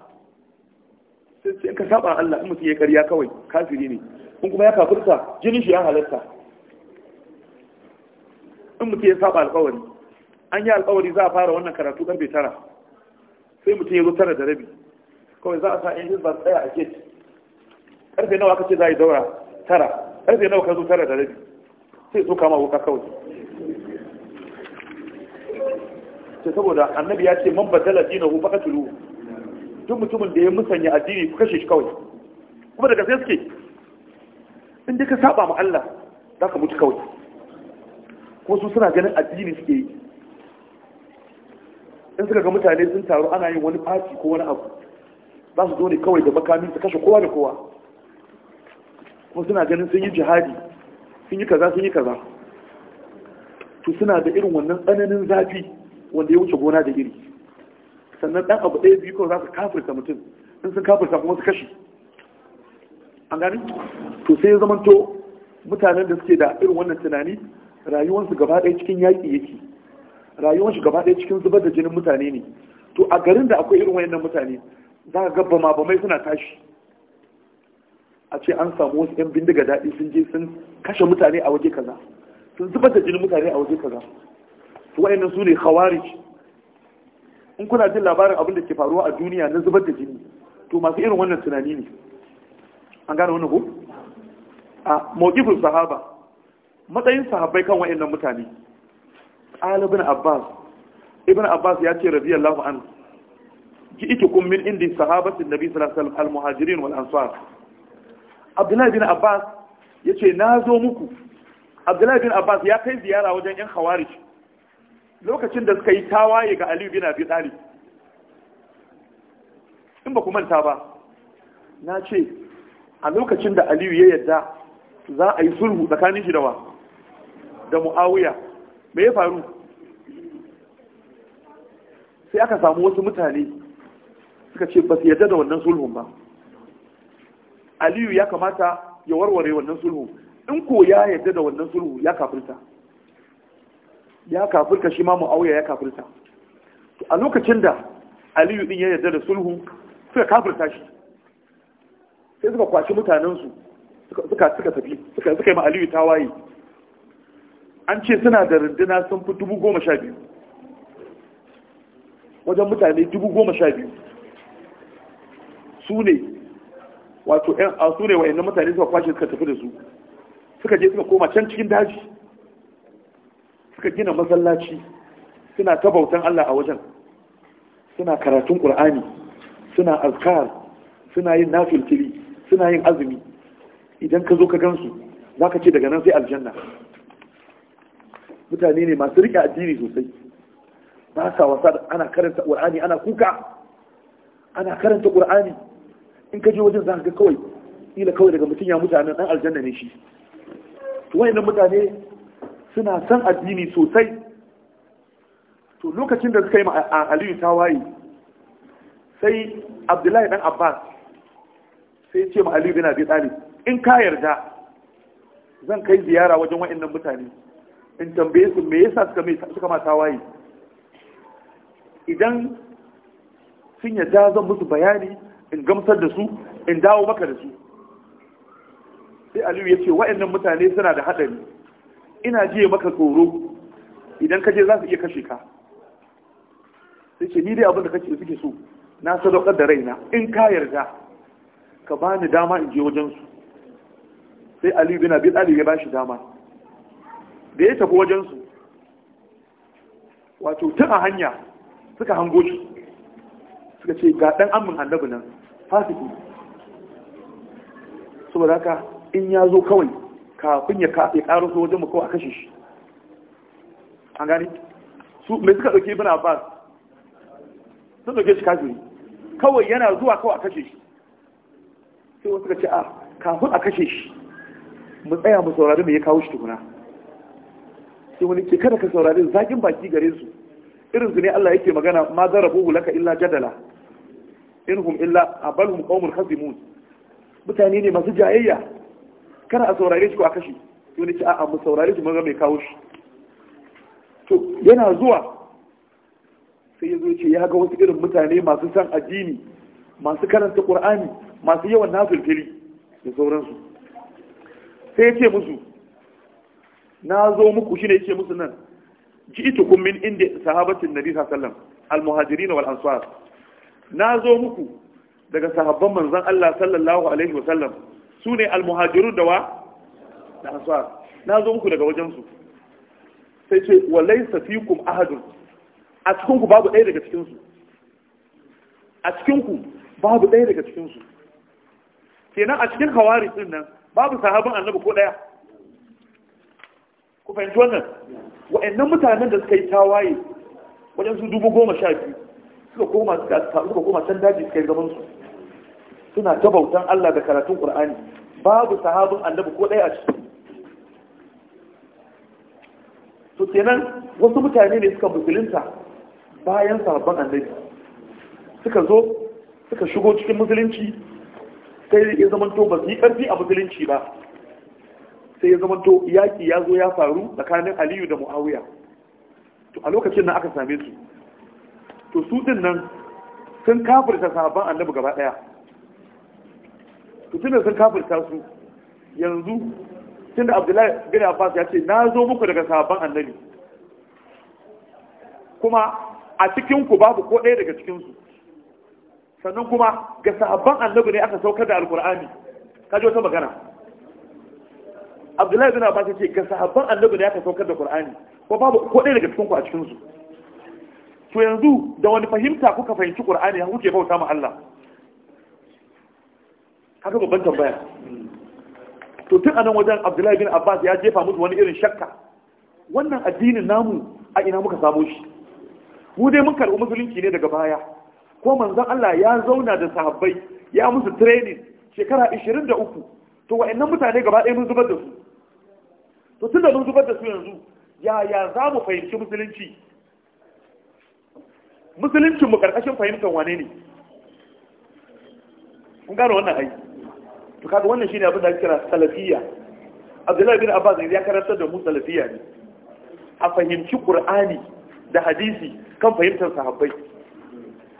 sai in ka saba Allah in mutum ya karya kawai kafiri ne in kuma ya kafirta jinin shi ya halarta. in mutum ya saba alƙawari an yi alƙawari za a fara wannan karatu karfe tara sai mutum ya zo tara da rabi kawai za a sa yan ba tsaya a keji karfe nawa kace za a yi daura tara karfe nawa ka zo tara da rabi sai so kama wuka kawai ce saboda annabi ya ce man dina hu fa qatluhu duk mutumin da ya musanya addini ku kashe shi kawai kuma daga sai suke in dai ka saba ma Allah za ka mutu kawai ko su suna ganin addini suke yi in suka ga mutane sun taru ana yin wani fati ko wani abu za su zo ne kawai da makami su kashe kowa da kowa kuma suna ganin sun yi jihadi sun yi kaza sun yi kaza to suna da irin wannan tsananin zafi wanda ya wuce gona da iri sannan dan abu ɗaya biyu kawai za su kafirta mutum in sun kafirta kuma su kashe an gani to sai ya zamanto mutanen da suke da irin wannan tunani rayuwarsu gaba ɗaya cikin yaƙi yake rayuwarsu gaba ɗaya cikin zubar da jinin mutane ne to a garin da akwai irin wayannan mutane za ka gaba ma mai suna tashi a ce an samu wasu 'yan bindiga daɗi sun je sun kashe mutane a waje kaza sun zubar da jinin mutane a waje kaza to wayannan su ne khawarij in kuna jin labarin abin da ke faruwa a duniya na zubar da jini to masu irin wannan tunani ne an gane wannan ko a mawqifin sahaba matsayin sahabbai kan wayannan mutane Ali ibn Abbas ibn Abbas ya ce radiyallahu anhu ji'itukum min indi sahabati nabi sallallahu alaihi wasallam al-muhajirin wal ansar Abdullahi bin Abbas yace na zo muku Abdullahi bin Abbas ya kai ziyara wajen yan khawarij lokacin da suka yi tawaye ga aliyu bin abi talib in ba ku manta ba na ce a lokacin da aliyu ya yadda za a yi sulhu tsakanin shi da wa da mu'awiya me ya faru sai aka samu wasu mutane suka ce ba su yadda da wannan sulhun ba aliyu ya kamata ya warware wannan sulhu in ko ya yadda da wannan sulhu ya kafirta ya kafirka shi ma mu'awiya ya kafirta a lokacin da aliyu din ya yarda da sulhu suka kafirta shi sai suka kwaci mutanensu suka suka tafi suka suka yi ma aliyu tawaye an ce suna da runduna sun fi dubu goma sha biyu wajen mutane dubu goma sha biyu su ne wato yan su ne wa'annan mutane suka kwashe suka tafi da su suka je suka koma can cikin daji suka gina masallaci suna ta bautan Allah a wajen suna karatun Qur'ani suna azkar suna yin nafilkili suna yin azumi idan ka zo ka gansu ka ce daga nan sai aljanna mutane ne masu riƙe addini sosai ba sa wasa ana karanta Qur'ani ana kuka ana karanta Qur'ani in ka je wajen za ka ga kawai ila kawai daga mutum ya mutanen ɗan aljanna ne shi to wayannan mutane suna son addini sosai to lokacin da suka yi aliyu tawaye sai abdullahi dan abbas sai ce ma aliyu bin abi in ka yarda zan kai ziyara wajen wa'annan mutane in tambaye su me yasa suka mai suka ma tawaye idan sun yarda zan musu bayani in gamsar da su in dawo maka da su sai aliyu ya ce wa'annan mutane suna da haɗari ina jiye maka tsoro idan ka je za su iya kashe ka sai ce ni dai abin da kake suke so na sadaukar da raina in ka yarda ka bani dama in je wajensu sai aliyu bin abi talib ya ba shi dama da ya tafi wajensu wato tun a hanya suka hango shi suka ce ga dan amin annabi nan fasiki saboda haka in ya zo kawai kafin ya karo su wajen makawa a kashe shi an gani su mai suka ɗauke bin abbas sun ɗauke shi kafiri kawai yana zuwa kawai a kashe shi sai wasu ka ce a ah, kafin a kashe shi mu tsaya mu saurari mai ya kawo shi tukuna sai wani ke kada ka saurari zaƙin baki gare su irin su ne Allah yake magana ma zarafu laka illa jadala hum illa abalhum qaumul khasimun mutane ne masu jayayya Kana a saurare shi ko a kashe to ni ce a'a mu saurare shi mun ga mai kawo shi to yana zuwa sai ya zo ce ya ga wasu irin mutane masu san addini masu karanta qur'ani masu yawan nafilfili da sauransu sai ya ce musu na zo muku shi ne ya ce musu nan kun min inda sahabatin nabi Sallam alaihi al-muhajirin wal ansar na zo muku daga sahabban manzon Allah sallallahu alaihi wa sallam. su ne almuhajirun da wa da ansar na zo muku daga wajensu sai ce wallai safikum ahadun a cikinku babu ɗaya daga cikinsu a cikinku babu ɗaya daga cikinsu kenan a cikin hawari ɗin nan babu sahabin annabi ko ɗaya ku fahimci wannan wa'annan mutanen da suka yi tawaye wajen su dubu goma sha biyu suka koma can daji suka yi gabansu suna ta bautan Allah da karatun ƙur'ani babu sahabin annabi ko ɗaya a ciki to kenan wasu mutane ne suka musulunta bayan sahabban annabi suka zo suka shigo cikin musulunci sai ya zama to ba su yi ƙarfi a musulunci ba sai ya zama to yaƙi ya zo ya faru tsakanin aliyu da mu'awiya to a lokacin nan aka same su to su din nan sun kafirta sahabban annabi gaba ɗaya tunda sun kafirta su yanzu tunda abdullahi bin abbas ya ce na zo muku daga sahabban annabi kuma a cikin ku babu ko ɗaya daga cikin su sannan kuma ga sahabban annabi ne aka saukar da alkur'ani ji wata magana abdullahi bin abbas ya ce ga sahabban annabi ne aka saukar da alkur'ani ko babu ko ɗaya daga cikin ku a cikin su to yanzu da wani fahimta kuka fahimci qur'ani huce bauta ma Allah kaga babban tambaya to tun anan wajen abdullahi bin abbas ya jefa musu wani irin shakka wannan addinin namu a ina muka samo shi mu dai mun karɓi musulunci ne daga baya ko manzon Allah ya zauna da sahabbai ya musu training shekara 23 to wa'annan mutane gaba ɗaya mun zubar da su to tun da mun zubar da su yanzu yaya za mu fahimci musulunci Musulunci mu ƙarƙashin fahimtar wane ne kun gano wannan aiki to kaga wannan shine abin da ake kira salafiyya abdullahi bin abbas ya karanta da mu salafiyya ne a fahimci qur'ani da hadisi kan fahimtar sahabbai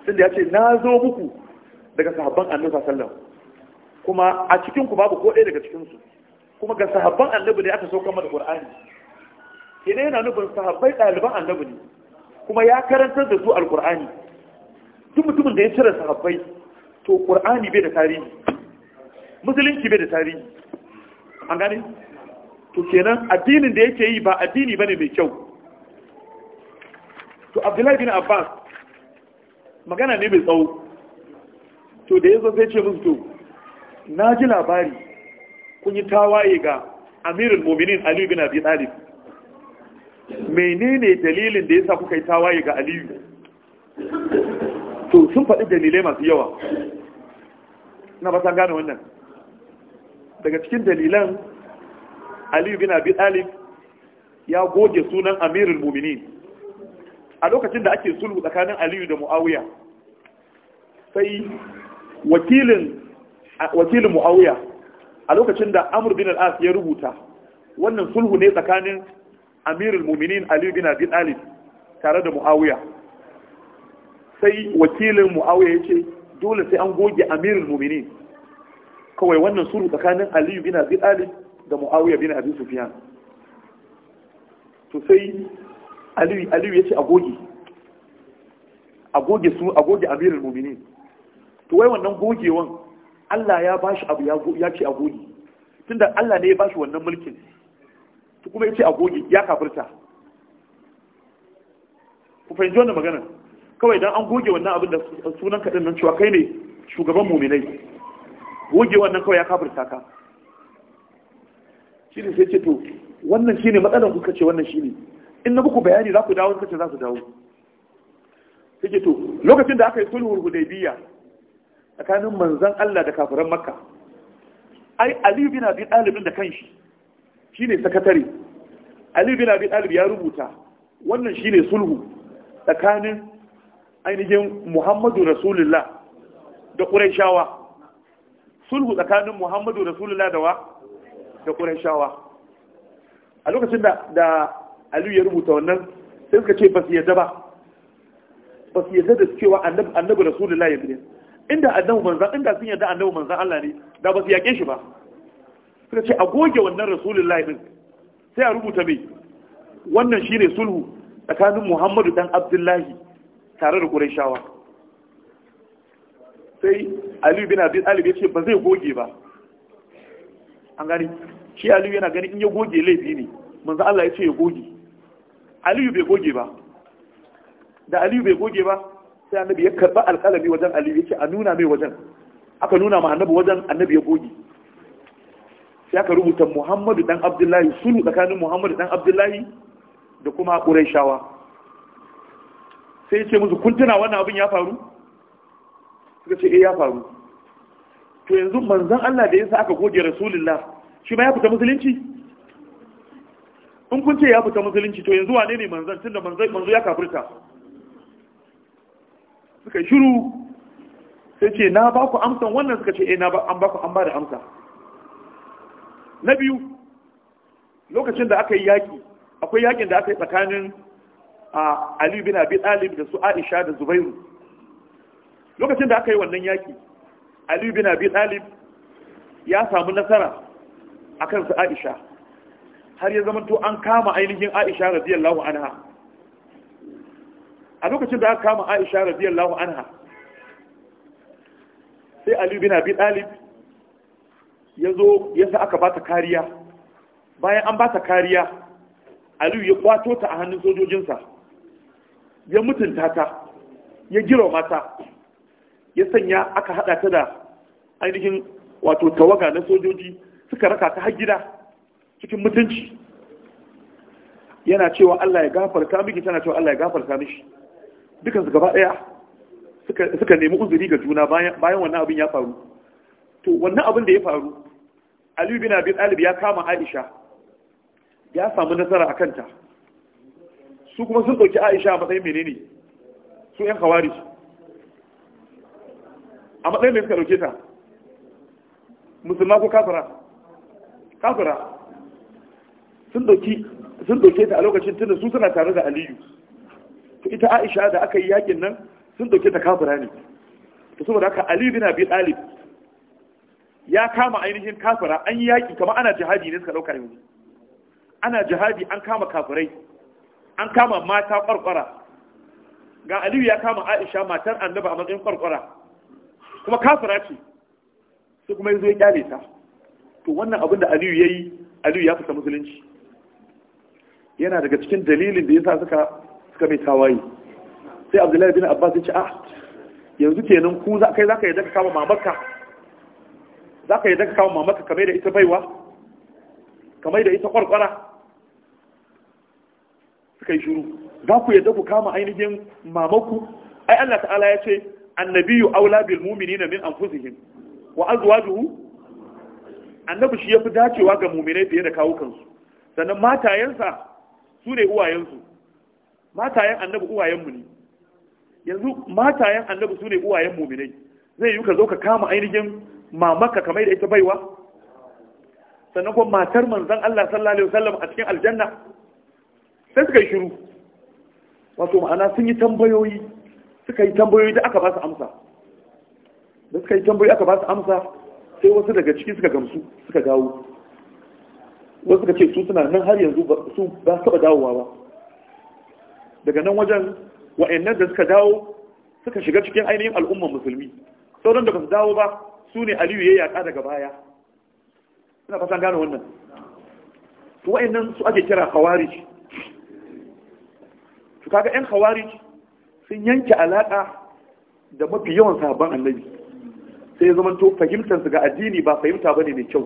tunda ya ce na zo muku daga sahabban annabi sallallahu alaihi wasallam kuma a cikin ku babu ko ɗaya daga cikin su kuma ga sahabban annabi ne aka sauka da qur'ani idan yana nufin sahabbai ɗaliban annabi ne kuma ya karantar da su alqur'ani duk mutumin da ya cire sahabbai to qur'ani bai da tarihi musulunci bai da tarihi an gani to kenan addinin da yake yi ba addini bane mai kyau to abdullahi bin abbas magana ne mai tsawo to da yazo sai ce musu to na ji labari kun yi tawaye ga amirul mu'minin ali bin abi talib menene dalilin da yasa kuka yi tawaye ga aliyu to sun faɗi dalilai masu yawa na ba san gane wannan daga cikin dalilan aliyu bin abi talib ya goge sunan amirul muminin a lokacin da ake sulhu tsakanin aliyu da mu'awiya sai wakilin wakilin mu'awiya a lokacin da Amr bin Al-As ya rubuta wannan sulhu ne tsakanin amirul muminin aliyu bin abi talib tare da mu'awiya sai wakilin mu'awiya ya ce dole sai an goge amirul muminin kawai wannan suru tsakanin aliyu bin abi talib da muawiya bin abi sufyan to sai aliyu aliyu yace agoge agoge su agoge amirul mu'minin to wai wannan gogewan Allah ya bashi abu ya ce agoge. tunda Allah ne ya bashi wannan mulkin to kuma yace agoge ya kafirta ku fahimci wannan magana kawai dan an goge wannan abin da sunan kaɗin nan cewa kai ne shugaban muminai goge wannan kawai ya kafirta ka shi ne sai ce to wannan shi ne matsalar kuka ce wannan shi ne in na muku bayani za ku dawo suka ce za su dawo sai ce to lokacin da aka yi sulhu hudaybiya tsakanin manzon Allah da kafiran makka ai ali bin abi talib da kanshi shine sakatare ali bin abi talib ya rubuta wannan shine sulhu tsakanin ainihin muhammadu rasulullah da qurayshawa sulhu tsakanin muhammadu rasulullah da wa da ƙurashawa a lokacin da aliyu ya rubuta wannan sai suka ce ba su yadda ba ba su yadda da cewa annabi rasulullah ya ne inda annabi Manza, inda sun yadda annabi Manza, Allah ne da ba su yaƙe shi ba suka ce a goge wannan rasulullah din sai a rubuta mai wannan shine sulhu tsakanin muhammadu dan abdullahi tare da ƙurashawa sai aliyu bin abi talib ya ce ba zai goge ba an gani shi aliyu yana gani in ya goge laifi ne manzan Allah ya ce ya goge aliyu bai goge ba da aliyu bai goge ba sai annabi ya karba alƙalami wajen aliyu ya ce a nuna mai wajen aka nuna ma annabi wajen annabi ya goge sai aka rubuta muhammadu dan abdullahi sulu tsakanin muhammadu dan abdullahi da kuma ƙuraishawa sai ya ce musu kun tuna wannan abin ya faru suka ce eh, ya faru to yanzu manzan Allah da yasa aka goge rasulullah shi ma ya fita musulunci in kun ce ya fita musulunci to yanzu wane ne manzan? tunda da manzo ya kafirta suka shiru sai ce na ba ku amsan wannan suka ce eh na ba an ba ku an ba da amsa na biyu lokacin da aka yi yaki akwai yakin da aka yi tsakanin a Ali bin Abi Talib da su Aisha da Zubairu lokacin da aka yi wannan yaki aliyu bin abi talib ya samu nasara a kansu aisha har ya zama zamanto an kama ainihin aisha radiyallahu anha a lokacin da aka kama aisha radiyallahu anha sai aliyu bin abi talib ya zo ya sa aka bata kariya bayan an bata kariya aliyu ya kwato ta a hannun sojojinsa ya mutunta ta ya girma mata ya sanya aka hada ta da ainihin wato tawaga na sojoji suka raka ta har gida cikin mutunci yana cewa Allah ya gafarta miki tana cewa Allah ya gafarta mishi dukan su gaba daya suka suka nemi uzuri ga juna bayan bayan wannan abin ya faru to wannan abin da ya faru Ali bin Abi Talib ya kama Aisha ya samu nasara a kanta su kuma sun ɗauki aisha a matsayin menene su 'yan khawarij a matsayin da suka dauke ta musulma ko kafira kafira sun dauke ta a lokacin tunda su suna tare da aliyu Ta ita aisha da aka yi yakin nan sun dauke ta kafira ne ta saboda haka aliyu bin abi talib ya kama ainihin kafira an yi yaki kama ana jihadi ne suka dauka yanzu ana jihadi an kama kafirai an kama mata kwarkwara ga aliyu ya kama aisha matar annaba a matsayin kwarkwara kuma kafira ce sai kuma yanzu ya kyale ta to wannan abin da aliyu ya yi aliyu ya fita musulunci yana daga cikin dalilin da ya suka suka mai tawaye sai abdullahi bin abbas ya ce ah yanzu kenan ku za kai zaka yadda ka kama mamarka zaka yadda ka kama mamarka kamar da ita baiwa kamar da ita kwarkwara suka yi shiru za ku yadda ku kama ainihin mamaku ai Allah ta'ala ya ce annabiyyu aula bil mu'minina min anfusihim wa azwajuhu annabi shi yafi dacewa ga mu'minai fiye da kawo kansu sannan matayensa su ne uwayensu matayen annabi uwayenmu ne yanzu matayen annabi su ne uwayen mu'minai zai yi ka zo ka kama ainihin mamaka kamar da ita baiwa sannan kuma matar manzon Allah sallallahu alaihi wasallam a cikin aljanna sai suka yi shiru wato ma'ana sun yi tambayoyi suka yi tambayoyi da aka ba su amsa da suka yi tambayoyi aka ba su amsa sai wasu daga ciki suka gamsu suka dawo wasu suka ce su suna nan har yanzu su ba su taba dawowa ba daga nan wajen wa'annan da suka dawo suka shiga cikin ainihin al'ummar musulmi sauran da ba su dawo ba su ne aliyu ya yaƙa daga baya suna fasan gane wannan to wa'annan su ake kira khawarij to kaga yan khawarij sun yanke alaƙa da mafi yawan sabon annabi sai zama to fahimtar su ga addini ba fahimta ba ne mai kyau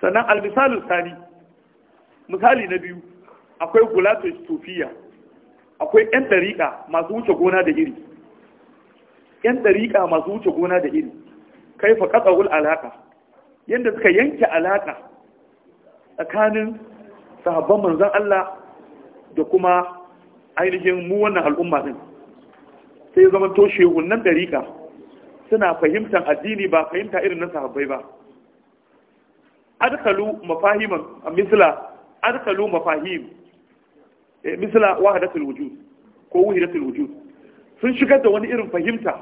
sannan almisalin sani misali na biyu akwai gulatul sufiya akwai yan ɗariƙa masu wuce gona da iri yan ɗariƙa masu wuce gona da iri kai fa wul alaƙa, yadda suka yanke alaƙa tsakanin sahabban manzon Allah da kuma ainihin mu wannan al'umma din sai zama to shehunan dariƙa suna fahimtar addini ba fahimta irin na sahabbai ba adkalu mafahiman misla adkalu mafahim eh, misla wahdatul wujud ko wahdatul wujud sun shigar da wani irin fahimta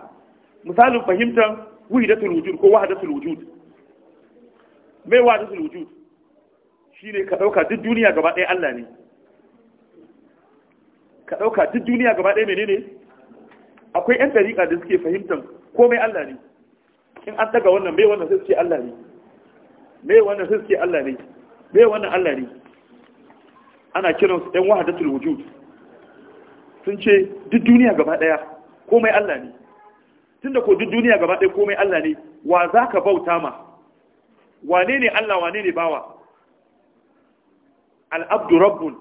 misalin fahimtar wahdatul wujud ko wahdatul wujud mai wahdatul wujud shine ka dauka duk duniya gaba ɗaya Allah ne ka ɗauka duk duniya gaba ɗaya menene akwai 'yan dariƙa da suke fahimtar komai Allah ne in an daga wannan mai wannan sai suke Allah ne mai wannan sai suke Allah ne mai wannan Allah ne ana kiran su ɗan wahadatul wujud sun ce duk duniya gaba ɗaya komai Allah ne tunda ko duk duniya gaba ɗaya komai Allah ne wa za ka bauta ma wane ne Allah wane ne bawa al-abdu rabbun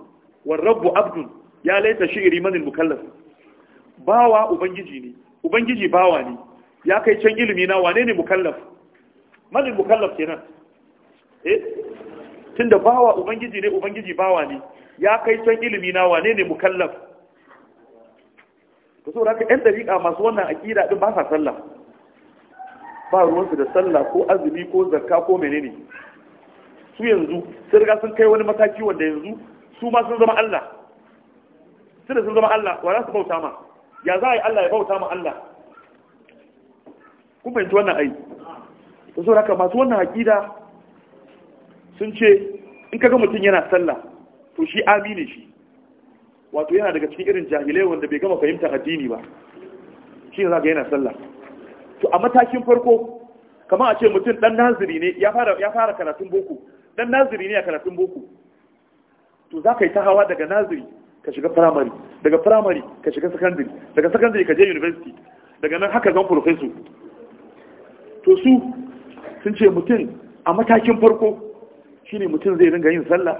wal rabbu abdun ya laita shi'iri manin mukallaf bawa ubangiji ne ubangiji bawa ne ya kai can ilimi na wane ne mukallaf manin mukallaf kenan eh tunda bawa ubangiji ne ubangiji bawa ne ya kai can ilimi na wane ne mukallaf to so raka yan dariƙa masu wannan aƙida din ba sa sallah ba ruwansu da sallah ko azumi ko zakka ko menene su yanzu sun riga sun kai wani mataki wanda yanzu su ma sun zama Allah tunda sun zama Allah wa za su bauta ma ya za a yi Allah ya bauta ma Allah kun fahimci wannan ai ta so haka masu wannan haƙida sun ce in kaga mutum yana sallah to shi amini shi wato yana daga cikin irin jahilai wanda bai gama fahimtar addini ba shi ne zaka yana sallah to a matakin farko kama a ce mutum dan naziri ne ya fara karatun boko dan naziri ne a karatun boko to ka yi ta hawa daga naziri ka shiga firamare daga firamare ka shiga sakandare daga sakandare ka je university daga nan haka zan professor to su sun ce mutum a matakin farko shine mutum zai ringa yin sallah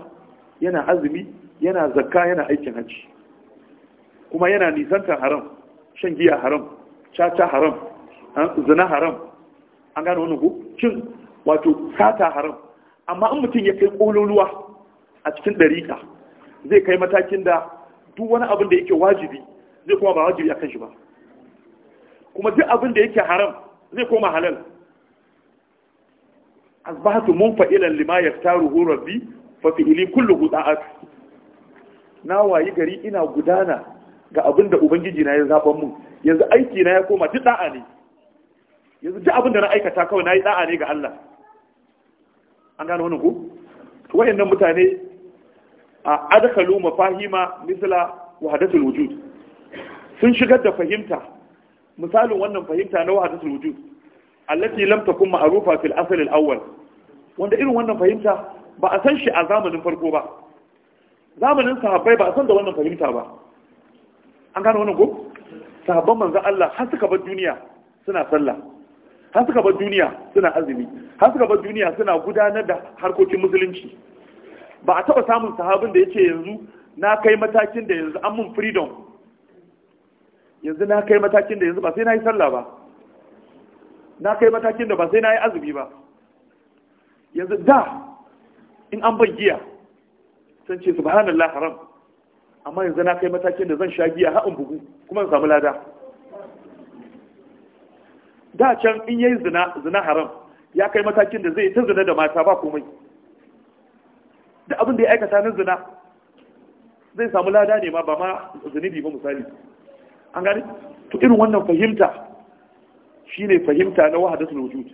yana azumi yana zakka yana aikin hajji kuma yana nisantar haram shan giya haram caca haram zina haram an gane wani ku cin wato sata haram amma in mutum ya kai kololuwa a cikin dariƙa zai kai matakin da duk wani abin da yake wajibi zai kuma ba wajibi a kan shi ba kuma duk abin da yake haram zai koma halal asbahatu munfa'ilan lima yaktaruhu rabbi fa fi'li kullu da'at na wayi gari ina gudana ga abin da ubangiji na ya zaba mun yanzu aiki na ya koma duk da'a ne yanzu duk abin da na aikata kawai na yi da'a ne ga Allah an gano wannan ko to wayannan mutane a adkhalu mafahima misla wahdatul wujud sun shigar da fahimta misalin wannan fahimta na wahdatul wujud allati lam takun ma'rufa fil asl al awwal wanda irin wannan fahimta ba a san shi a zamanin farko ba zamanin sahabbai ba a san da wannan fahimta ba an gane wannan ko sahabban manzo Allah har suka bar duniya suna sallah har suka bar duniya suna azumi har suka bar duniya suna gudanar da harkokin musulunci ba a taɓa samun sahabin da yake yanzu na kai matakin da yanzu an mun freedom yanzu na kai matakin da yanzu ba sai na yi sallah ba na kai matakin da ba sai na yi azumi ba yanzu da in an ban giya sun ce subhanallah haram amma yanzu na kai matakin da zan sha giya haɗin bugu kuma in samu lada da can in yi zina zina haram ya kai matakin da zai ta zina da mata ba komai da abin da ya aikata na zina zai samu lada ne ma ba ma zunubi ba misali an gani to irin wannan fahimta shine fahimta na wahadatul wujud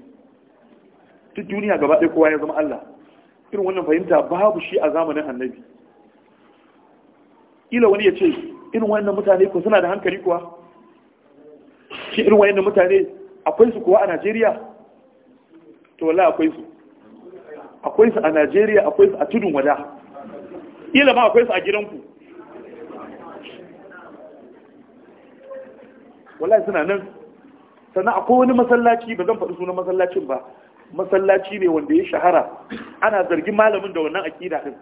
duk duniya gaba ɗaya kowa ya zama Allah irin wannan fahimta babu shi a zamanin annabi ila wani ya ce irin wannan mutane ko suna da hankali kuwa shi irin wannan mutane akwai su kuwa a Najeriya to wallahi akwai su akwai su a Najeriya akwai su a tudun wada ila ma akwai su a gidanku wallahi suna nan sannan akwai wani masallaci ba zan faɗi sunan masallacin ba masallaci ne wanda ya shahara ana zargin malamin da wannan aƙida din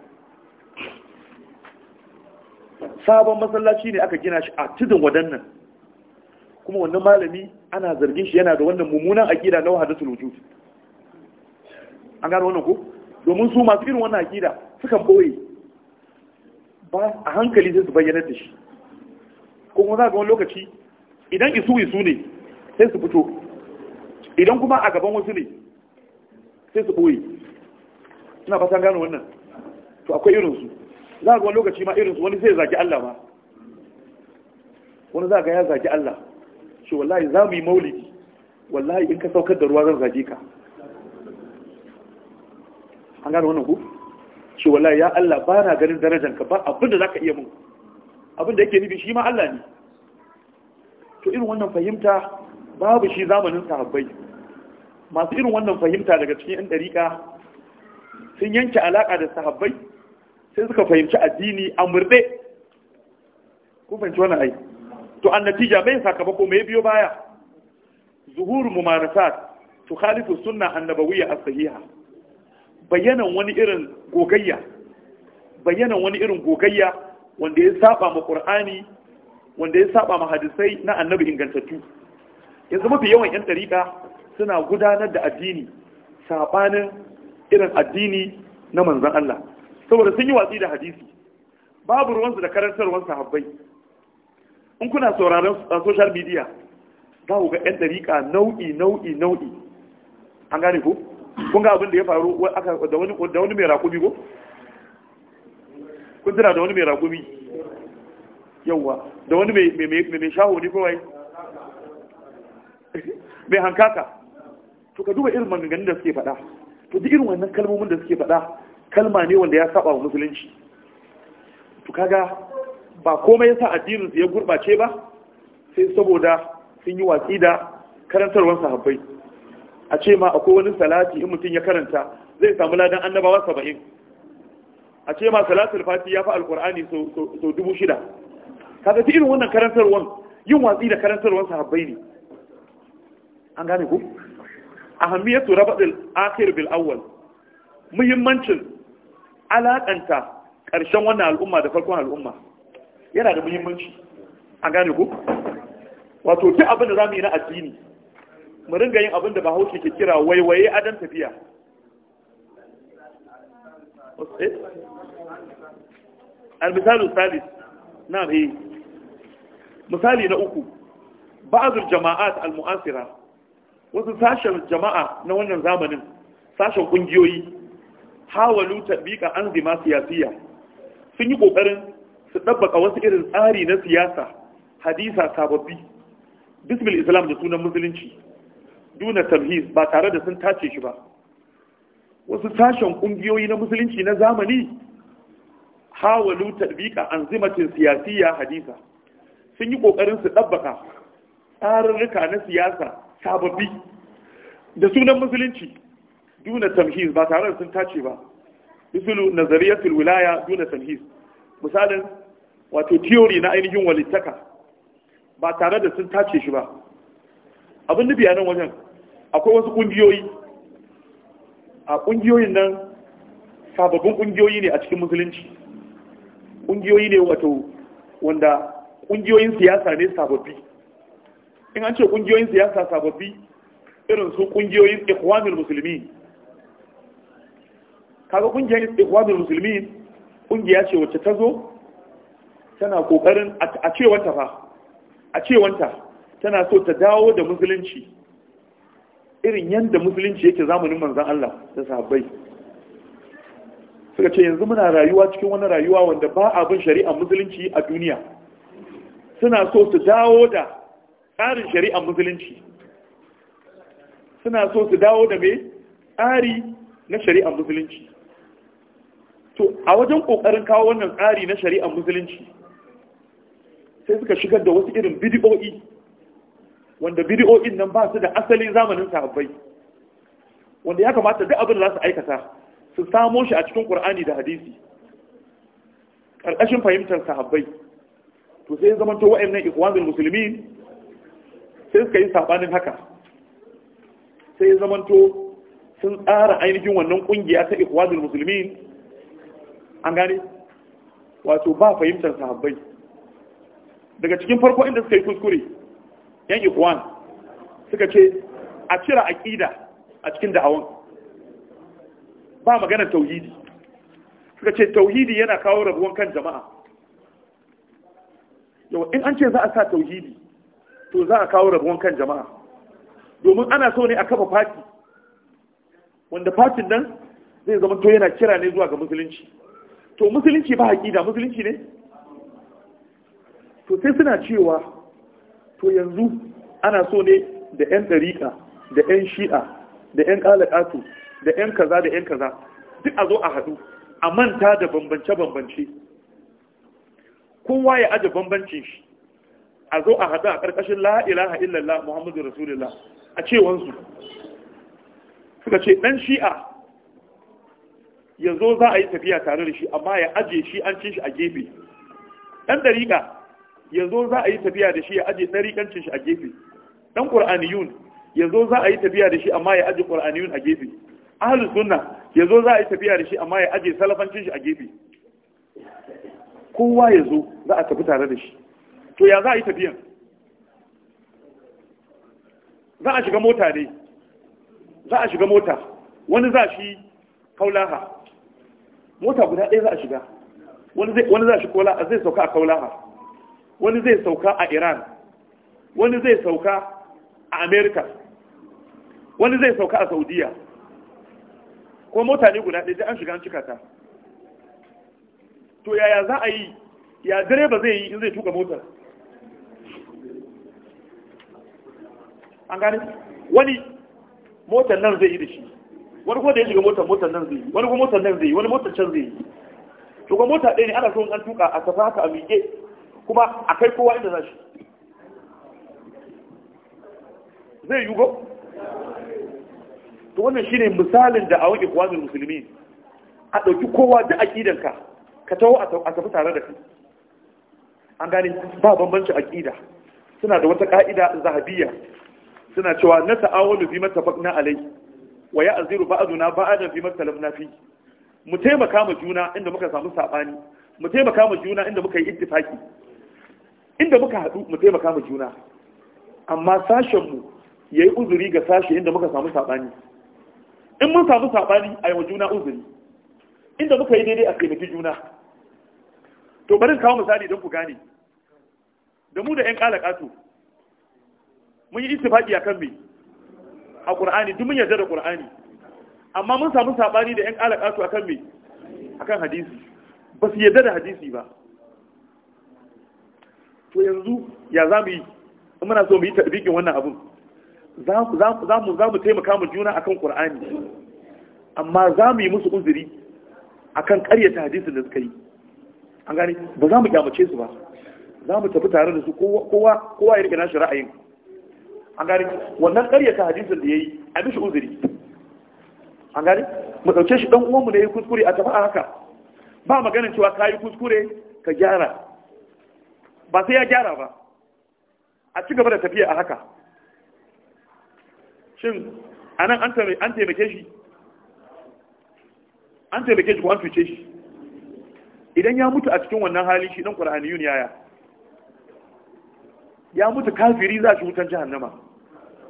sabon masallaci ne aka gina shi a tudun wadan nan, kuma wannan malami ana zargin shi yana da wannan mummunan aƙida na wahadatul wujud an gano wannan ko domin su masu irin wannan akida sukan ɓoye ba a hankali sai su bayyana da shi kuma za ga wani lokaci idan isu isu ne sai su fito idan kuma a gaban wasu ne sai su ɓoye suna fasa gano wannan to akwai irinsu za ga wani lokaci ma irinsu wani sai zaki Allah ma wani za ga ya zaki Allah shi wallahi za mu yi maulidi wallahi in ka saukar da ruwa zan zage ka an gane wannan ku ce wallahi ya Allah ba na ganin darajar ka ba abinda za ka iya mun abinda yake nufi shi ma Allah ne to irin wannan fahimta babu shi zamanin sahabbai masu irin wannan fahimta daga cikin yan dariƙa sun yanke alaƙa da sahabbai sai suka fahimci addini a murɗe kun fahimci wannan ai to an natija mai sakamako mai biyo baya zuhuru mumarasat tukhalifu sunna annabawiyya as-sahiha bayyanan wani irin gogayya bayyanan wani irin gogayya wanda ya saba ma qur'ani wanda ya saba ma hadisai na annabi ingantattu yanzu mafi yawan yan tarika suna gudanar da addini sabanin irin addini na manzon Allah saboda sun yi watsi da hadisi babu ruwansu da karantarwar sahabbai in kuna sauraron a social media za ku ga yan tarika nau'i nau'i nau'i an gane ko kun ga abin da ya faru da wani mai rakumi ko kun tana da wani mai rakumi yauwa da wani mai shaho ne kawai mai hankaka to ka duba irin maganganun da suke faɗa to duk irin wannan kalmomin da suke faɗa kalma ne wanda ya saba wa musulunci to kaga ba komai ya sa addinin su ya gurɓace ba sai saboda sun yi watsi da karantarwar sahabbai a ce ma akwai wani salati in mutum ya karanta zai samu ladan annabawa saba'in a ce ma salatul fati ya fi alkur'ani sau dubu shida kaga irin wannan karantarwan yin watsi da karantarwan sahabbai ne an gane ku A ahammiyatu rabadil akhir bil awwal muhimmancin alakanta karshen wannan al'umma da farkon al'umma yana da muhimmanci an gane ku wato duk abin da mu yi na addini mu ringa yin abin da bahaushe ke kira waiwaye adan tafiya eh? almisalu salis na mai eh. misali na uku ba'azul jama'at al-mu'asira wasu sashen jama'a na wannan zamanin sashen kungiyoyi hawalu tabiqa an zima siyasiya sun yi kokarin su ɗabbaƙa wasu irin tsari na siyasa hadisa sababbi bismil islam da sunan musulunci duna tamhiz ba tare da sun tace shi ba wasu sashen kungiyoyi na musulunci na zamani hawalu tadbika anzimatin siyasiya hadisa sun yi kokarin su dabbaka tsarurruka na siyasa sababbi da sunan musulunci duna tamhiz ba tare da sun tace ba misalu nazariyatul wilaya duna tamhiz misalin wato theory na ainihin walittaka ba tare da sun tace shi ba abin nufi a nan wajen akwai wasu ƙungiyoyi a ƙungiyoyin nan sababbin ƙungiyoyi ne a cikin musulunci ƙungiyoyi ne wato wanda ƙungiyoyin siyasa ne sababbi in an ce ƙungiyoyin siyasa sababbi irin su ƙungiyoyin ikwamin musulmi kaga ƙungiyar ikwamin musulmi ƙungiya ce wacce ta zo tana ƙoƙarin a cewanta fa a cewanta tana so ta dawo da musulunci irin yadda musulunci yake zamanin manzan Allah da sahabbai suka ce yanzu muna rayuwa cikin wani rayuwa wanda ba abin shari'ar musulunci a duniya suna so su dawo da tsarin shari'ar musulunci suna so su dawo da mai tsari na shari'ar musulunci to a wajen kokarin kawo wannan tsari na shari'ar musulunci sai suka shigar da wasu irin bidiyo'i wanda bidiyoyin nan ba su da asalin zamanin sahabbai wanda ya kamata duk abin da za su aikata su samo shi a cikin ƙur'ani da hadisi ƙarƙashin fahimtar sahabbai to sai zama to wa'annan ikhwanul musulmi sai suka yi sabanin haka sai ya zama to sun tsara ainihin wannan ƙungiya ta ikhwanul musulmi an gane wato ba fahimtar sahabbai daga cikin farko inda suka yi kuskure yan ikwan suka ce a cira aƙida a cikin da'awon ba maganar tauhidi suka ce tauhidi yana kawo rabuwan kan jama'a yau in an ce za a sa tauhidi to za a kawo rabuwan kan jama'a domin ana so ne a kafa fati wanda fatin nan zai zama to yana kira ne zuwa ga musulunci to musulunci ba haƙida musulunci ne to sai suna cewa to yanzu ana so ne da 'yan ɗariƙa da 'yan shi'a da 'yan ƙalaƙatu da 'yan kaza da 'yan kaza duk a zo a haɗu a manta da bambance-bambance kowa ya aje bambancin shi a zo a haɗu a ƙarƙashin la'ilaha illallah muhammadu rasulillah a cewansu suka ce ɗan shi'a ya za a yi tafiya tare da shi amma ya aje shi an cin shi a gefe ɗan ɗariƙa yanzu za a yi tafiya da shi ya aje tsarikancin shi a gefe dan qur'aniyun yanzu za a yi tafiya da shi amma ya aje qur'aniyun a gefe ahlus sunna yanzu za a yi tafiya da shi amma ya aje salafancin shi a gefe kowa yanzu za a tafi tare da shi to ya za a yi tafiyan za a shiga mota ne za a shiga mota wani za shi kaulaha mota guda ɗaya za a shiga wani za shi kola zai sauka a kaulaha wani zai sauka a iran wani zai sauka a america wani zai sauka a saudiya ko mota ne guda ɗaya an shiga an cika ta to yaya za a yi ya direba zai yi in zai tuka motar an gane wani motar nan zai yi da shi wani kuma da ya shiga motar motar nan zai yi wani kuma motar nan zai yi wani motar can zai yi to kuma mota ɗaya ne ana so an tuka a tafi haka a miƙe kuma a kai kowa inda za shi zai yugo to wannan shine misalin da a awon ikwanin musulmi a ɗauki kowa da aƙidanka ka taho a tafi tare da kai an gane ba bambancin aƙida suna da wata ƙa'ida zahabiyya suna cewa na ta'awunu bi mattafaqna alai wa ya'ziru ba'duna ba'dan fi mata fi mu taimaka ma juna inda muka samu sabani mu taimaka ma juna inda muka yi ittifaki inda muka haɗu mu taimaka mu juna amma sashenmu ya yi uzuri ga sashe inda muka samu saɓani in mun samu saɓani a yi juna uzuri inda muka yi daidai a taimaki juna to bari kawo misali don ku gane da mu da 'yan ƙalaƙato mun yi istifaƙi a kan me a ƙur'ani duk mun yarda da ƙur'ani amma mun samu saɓani da 'yan ƙalaƙato a kan me a kan hadisi ba su yarda da hadisi ba to yanzu ya za mu yi in muna so mu yi tadbikin wannan abin za mu za mu taimaka mu juna akan qur'ani amma za mu yi musu uzuri akan ƙaryata hadisin da suka yi an gane ba za mu kyamace su ba za mu tafi tare da su kowa kowa ya rike nashi ra'ayin an gane wannan ƙaryata hadisin da yayi a mishi uzuri an gane mu ɗauke shi ɗan uwanmu da ya kuskure a tafi a haka ba maganin cewa ka yi kuskure ka gyara ba sai ya gyara ba a ci gaba da tafiya a haka shin a nan an taimake shi an taimake shi ko an cuce shi idan ya mutu a cikin wannan hali shi dan yun yaya ya mutu kafiri za shi wutan jahannama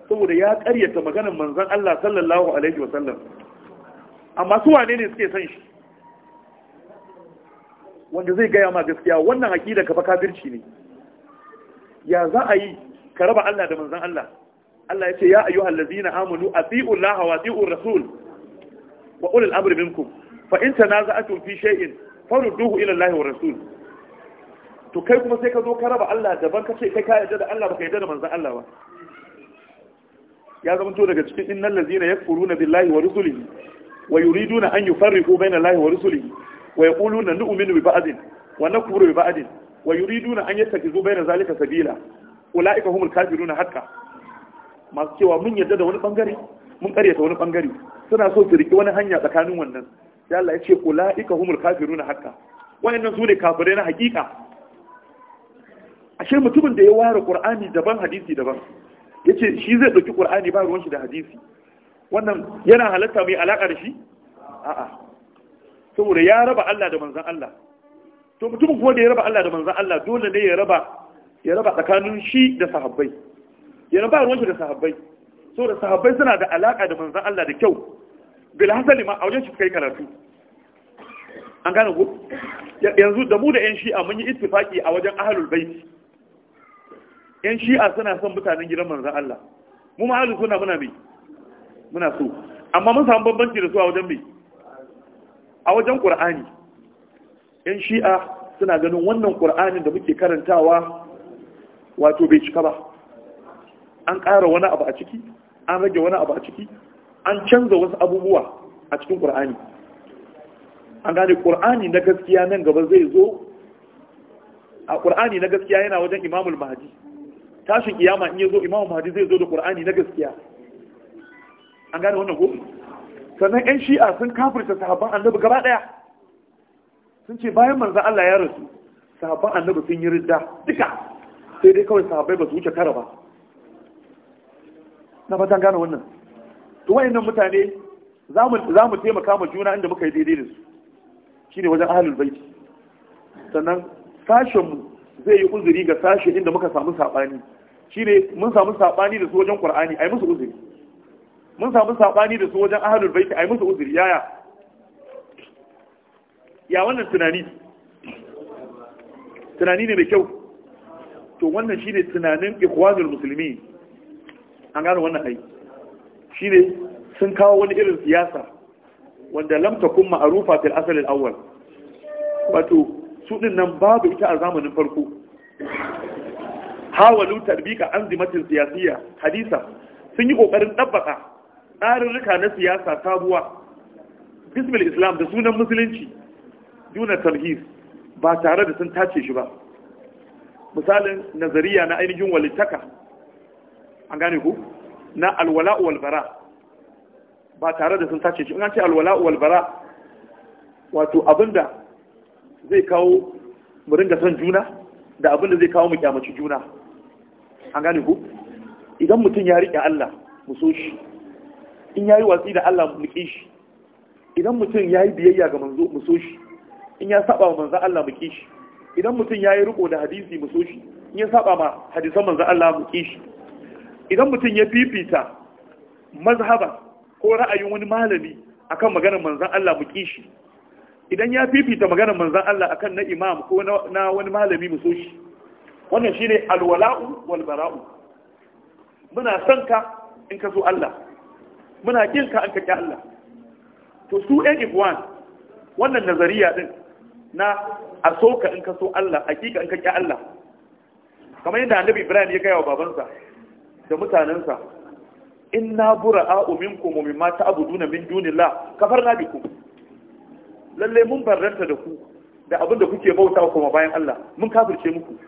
saboda ya karyata maganin manzan Allah sallallahu alaihi wasallam amma su wane ne suke san shi wanda zai gaya ma gaskiya wannan aqida ka fa kafirci ne ya za a yi ka raba Allah da manzon Allah Allah ya ce ya ayyuhal ladzina amanu atiiu Allah wa atiiu rasul wa ulil amri minkum fa in tanaza'tum fi shay'in farudduhu ila Allah wa rasul to kai kuma sai ka zo ka raba Allah daban ka ce kai ka yarda da Allah baka yarda da manzon Allah ba ya zama to daga cikin innal ladzina yakfuruna billahi wa rusulihi wa yuriduna an yufarriqu baina Allah wa rusulihi wa yaquluna nu'minu bi ba'din wa nakfuru bi ba'din wa yuriduna an yattakizu bayna zalika sabila ulaika humul kafiruna haqqan masu cewa mun yarda da wani bangare mun karyata wani bangare suna so su riki wani hanya tsakanin wannan sai Allah ya ce ulaika humul kafiruna haqqan wayannan su ne kafirai na hakika ashe mutumin da ya ware qur'ani daban hadisi daban yace shi zai dauki qur'ani ba ruwan shi da hadisi wannan yana halatta mai alaka da shi a'a saboda ya raba Allah da manzan Allah to mutumin kuma da ya raba Allah da manzan Allah dole ne ya raba ya raba tsakanin shi da sahabbai ya raba ruwan shi da sahabbai saboda sahabbai suna da alaka da manzan Allah da kyau bil hasali ma a wajen shi kai karatu an gane ku yanzu da mu da yan shi'a mun yi ittifaki a wajen ahlul bait yan shi'a suna son mutanen gidan manzan Allah mu ma ahlus sunna muna bi muna so amma mun samu bambanci da su a wajen bi a wajen ƙur'ani yan shi'a suna ganin wannan ƙur'ani da muke karantawa wato bai cika ba an ƙara wani abu a ciki an rage wani abu a ciki an canza wasu abubuwa a cikin ƙur'ani an gane ƙur'ani na gaskiya nan gaba zai zo a ƙur'ani na gaskiya yana wajen imamul mahadi tashin iyama in yi zo imamul mahadi zai zo da ƙur'ani na gaskiya an gane wannan gobe sannan yan shi'a sun kafirta sahabban annabi gaba ɗaya sun ce bayan manza Allah ya rasu sahabban annabi sun yi ridda duka sai dai kawai sahabbai ba su wuce kara ba na fatan gane wannan to nan mutane za mu taimaka ma juna inda muka yi daidai da su Shi ne wajen ahalin sannan sashenmu zai yi uzuri ga sashe inda muka samu saɓani, shi ne mun samu saɓani da su wajen a yi musu uzuri mun samu sabani da su wajen ahlul bait ai musu uzuri yaya ya wannan tunani tunani ne mai kyau to wannan shine tunanin ikhwanul muslimin an gano wannan ai shine sun kawo wani irin siyasa wanda lam takun ma'rufa fil asal al-awwal wato su din nan babu ita a zamanin farko hawalu tarbika anzimatin siyasiya hadisa sun yi ƙoƙarin dabbaka tsarurruka na siyasa sabuwa bismil islam da sunan musulunci duna talhis ba tare da sun tace shi ba misalin nazariya na ainihin walittaka an gane ku na alwala walbara ba tare da sun tace shi in an ce alwala walbara wato abinda zai kawo mu ringa son juna da abinda zai kawo mu kyamaci juna an gane ku idan mutum ya riƙe Allah mu so shi in yayi watsi da Allah mu ki shi idan mutum yayi biyayya ga manzo mu so shi in ya saba wa manzo Allah mu shi idan mutum yayi riko da hadisi mu so shi in ya saba ma hadisan manzo Allah mu shi idan mutum ya fifita mazhaba ko ra'ayin wani malami akan maganar manzo Allah mu shi idan ya fifita maganar manzan Allah akan na imam ko na wani malami mu so shi wannan shine alwala'u wal bara'u muna son ka in ka zo Allah muna kin ka an kake Allah to su ɗan ikwan wannan nazariya din na a so ka in ka so Allah hakika in ka kake Allah kamar yadda annabi Ibrahim ya gaya wa babansa da mutanensa inna bura'a'u minkum wa mimma ta'buduna min dunillah kafarna bikum lalle mun barranta da ku da abin da kuke bauta kuma bayan Allah mun kafirce muku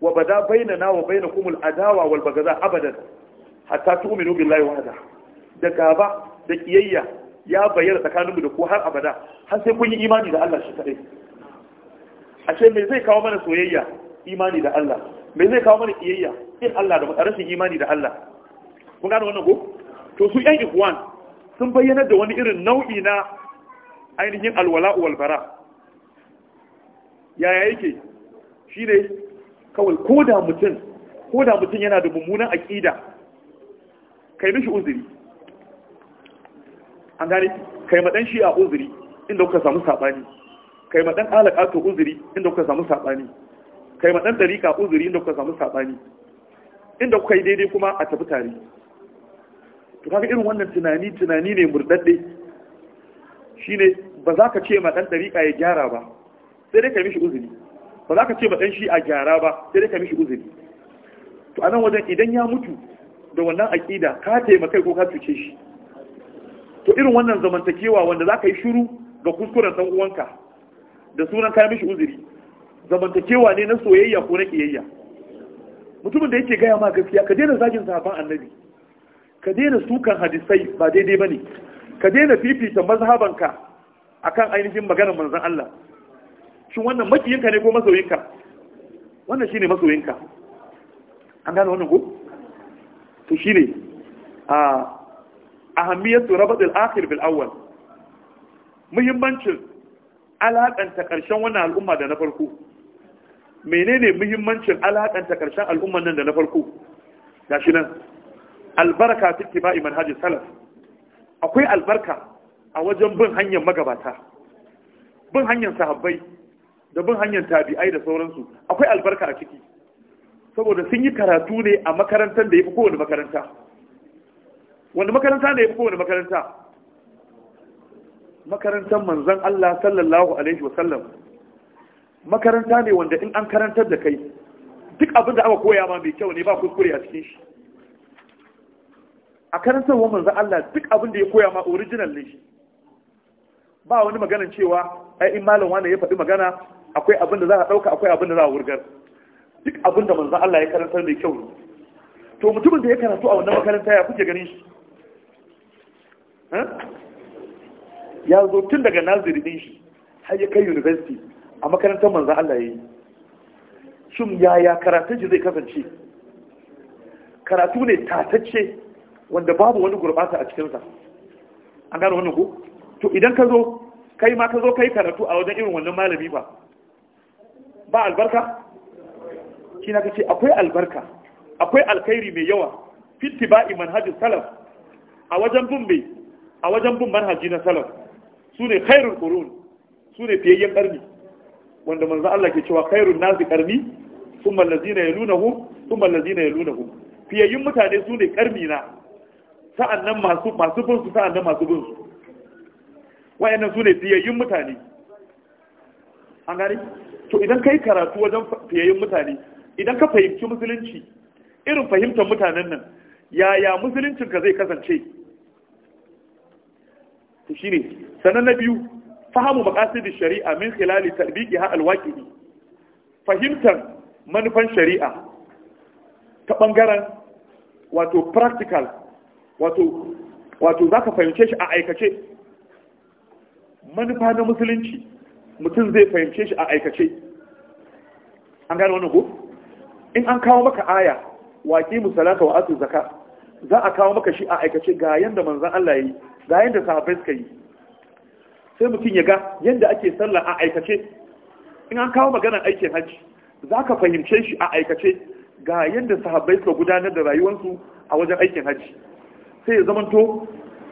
wa bada bainana wa bainakumul adawa wal bagaza abadan hatta tu'minu billahi wahda da gaba da kiyayya ya bayyana tsakaninmu da ko har abada har sai kun yi imani da Allah shi kadai ashe me zai kawo mana soyayya imani da Allah me zai kawo mana kiyayya in Allah da rashin imani da Allah kun gane wannan ko to su yan ikhwan sun bayyana da wani irin nau'i na ainihin alwala wal bara yaya yake ne kawai koda mutum koda mutum yana da mummunan aqida kai mishi uzuri an gane kai ma shi a uzuri inda kuka samu sabani kai ma alaka to uzuri inda kuka samu sabani kai ma dan uzuri inda kuka samu sabani inda kuka yi daidai kuma a tafi tare to kaga irin wannan tunani tunani ne murdadde shine ba za ka ce ma dan ya gyara ba sai dai ka mishi uzuri ba za ka ce ma shi a gyara ba sai dai ka mishi uzuri to anan wajen idan ya mutu da wannan aƙida ka taimaka ko ka cuce shi to irin wannan zamantakewa wanda za ka yi shiru ga kuskuren ɗan uwanka da sunan kayan mishi uzuri zamantakewa ne na soyayya ko na kiyayya mutumin da yake gaya ma gaskiya ka daina zagin sahaban annabi ka daina sukan hadisai ba daidai ba ne ka daina fifita mazhabanka akan ainihin maganar manzon Allah shin wannan makiyinka ne ko masoyinka wannan shine masoyinka an gane wannan ko to shine a ah, ahammiyatu rabat al-akhir bil awwal muhimmancin alakanta karshen wannan al'umma da na farko menene muhimmancin alakanta karshen al'umman nan da na farko gashi nan albarka fi tibai manhajin salaf akwai albarka a wajen bin hanyar magabata bin hanyar sahabbai da bin hanyar tabi'ai da sauransu akwai albarka a ciki saboda sun yi karatu ne a makarantar da ya fi kowane makaranta wanda makaranta ne ya fi kowane makaranta makarantar manzan Allah sallallahu alaihi wasallam makaranta ne wanda in an karantar da kai duk abin da aka koya ma mai kyau ne ba kuskure a cikin shi a wani manzan Allah duk abin da ya koya ma original ne shi ba wani magana cewa ai in malam wani ya faɗi magana akwai abin da za a ɗauka akwai abin da za a wurgar duk abin da manzan Allah ya karantar mai kyau ne. to mutumin da ya karatu a wannan makaranta ya kuke ganin shi ya zo tun daga naziri din shi har ya kai university a makarantar manzan Allah ya yi shun yaya karatun shi zai kasance karatu ne tatacce wanda babu wani gurbata a cikinsa an gano wannan ko to idan ka zo kai ma ka zo kai karatu a wajen irin wannan malami ba ba albarka shi na kace akwai albarka akwai alkhairi mai yawa fitti ba'i manhajin salaf a wajen bin a wajen bin manhaji na salaf su ne khairul qurun su ne fiyayyen karni wanda manzo Allah ke cewa khairun nasi karni thumma allazina yalunahum thumma allazina yalunahum fiyayyun mutane su ne karni na sa'annan masu masu bin su sa'annan masu bin su wayannan su ne fiyayyun mutane an gane to idan kai karatu wajen fiyayyun mutane idan ka fahimci musulunci irin fahimtar mutanen nan yaya musuluncinka zai kasance to shine sanan na biyu fahimu da shari'a min khilali ha alwaqi'i fahimtar manufan shari'a ta bangaren wato practical wato wato zaka fahimce shi a aikace manufa na musulunci mutum zai fahimce shi a aikace an gane wannan ko in an kawo maka aya waƙi musalaka wa asu zaka za a kawo maka shi a aikace ga yadda manzan Allah ya yi ga yadda sahabbai suka yi sai mutum ya ga yadda ake sallah a aikace in an kawo maganar aikin hajji za ka fahimce shi a aikace ga yadda sahabbai suka gudanar da rayuwarsu a wajen aikin hajji sai ya zamanto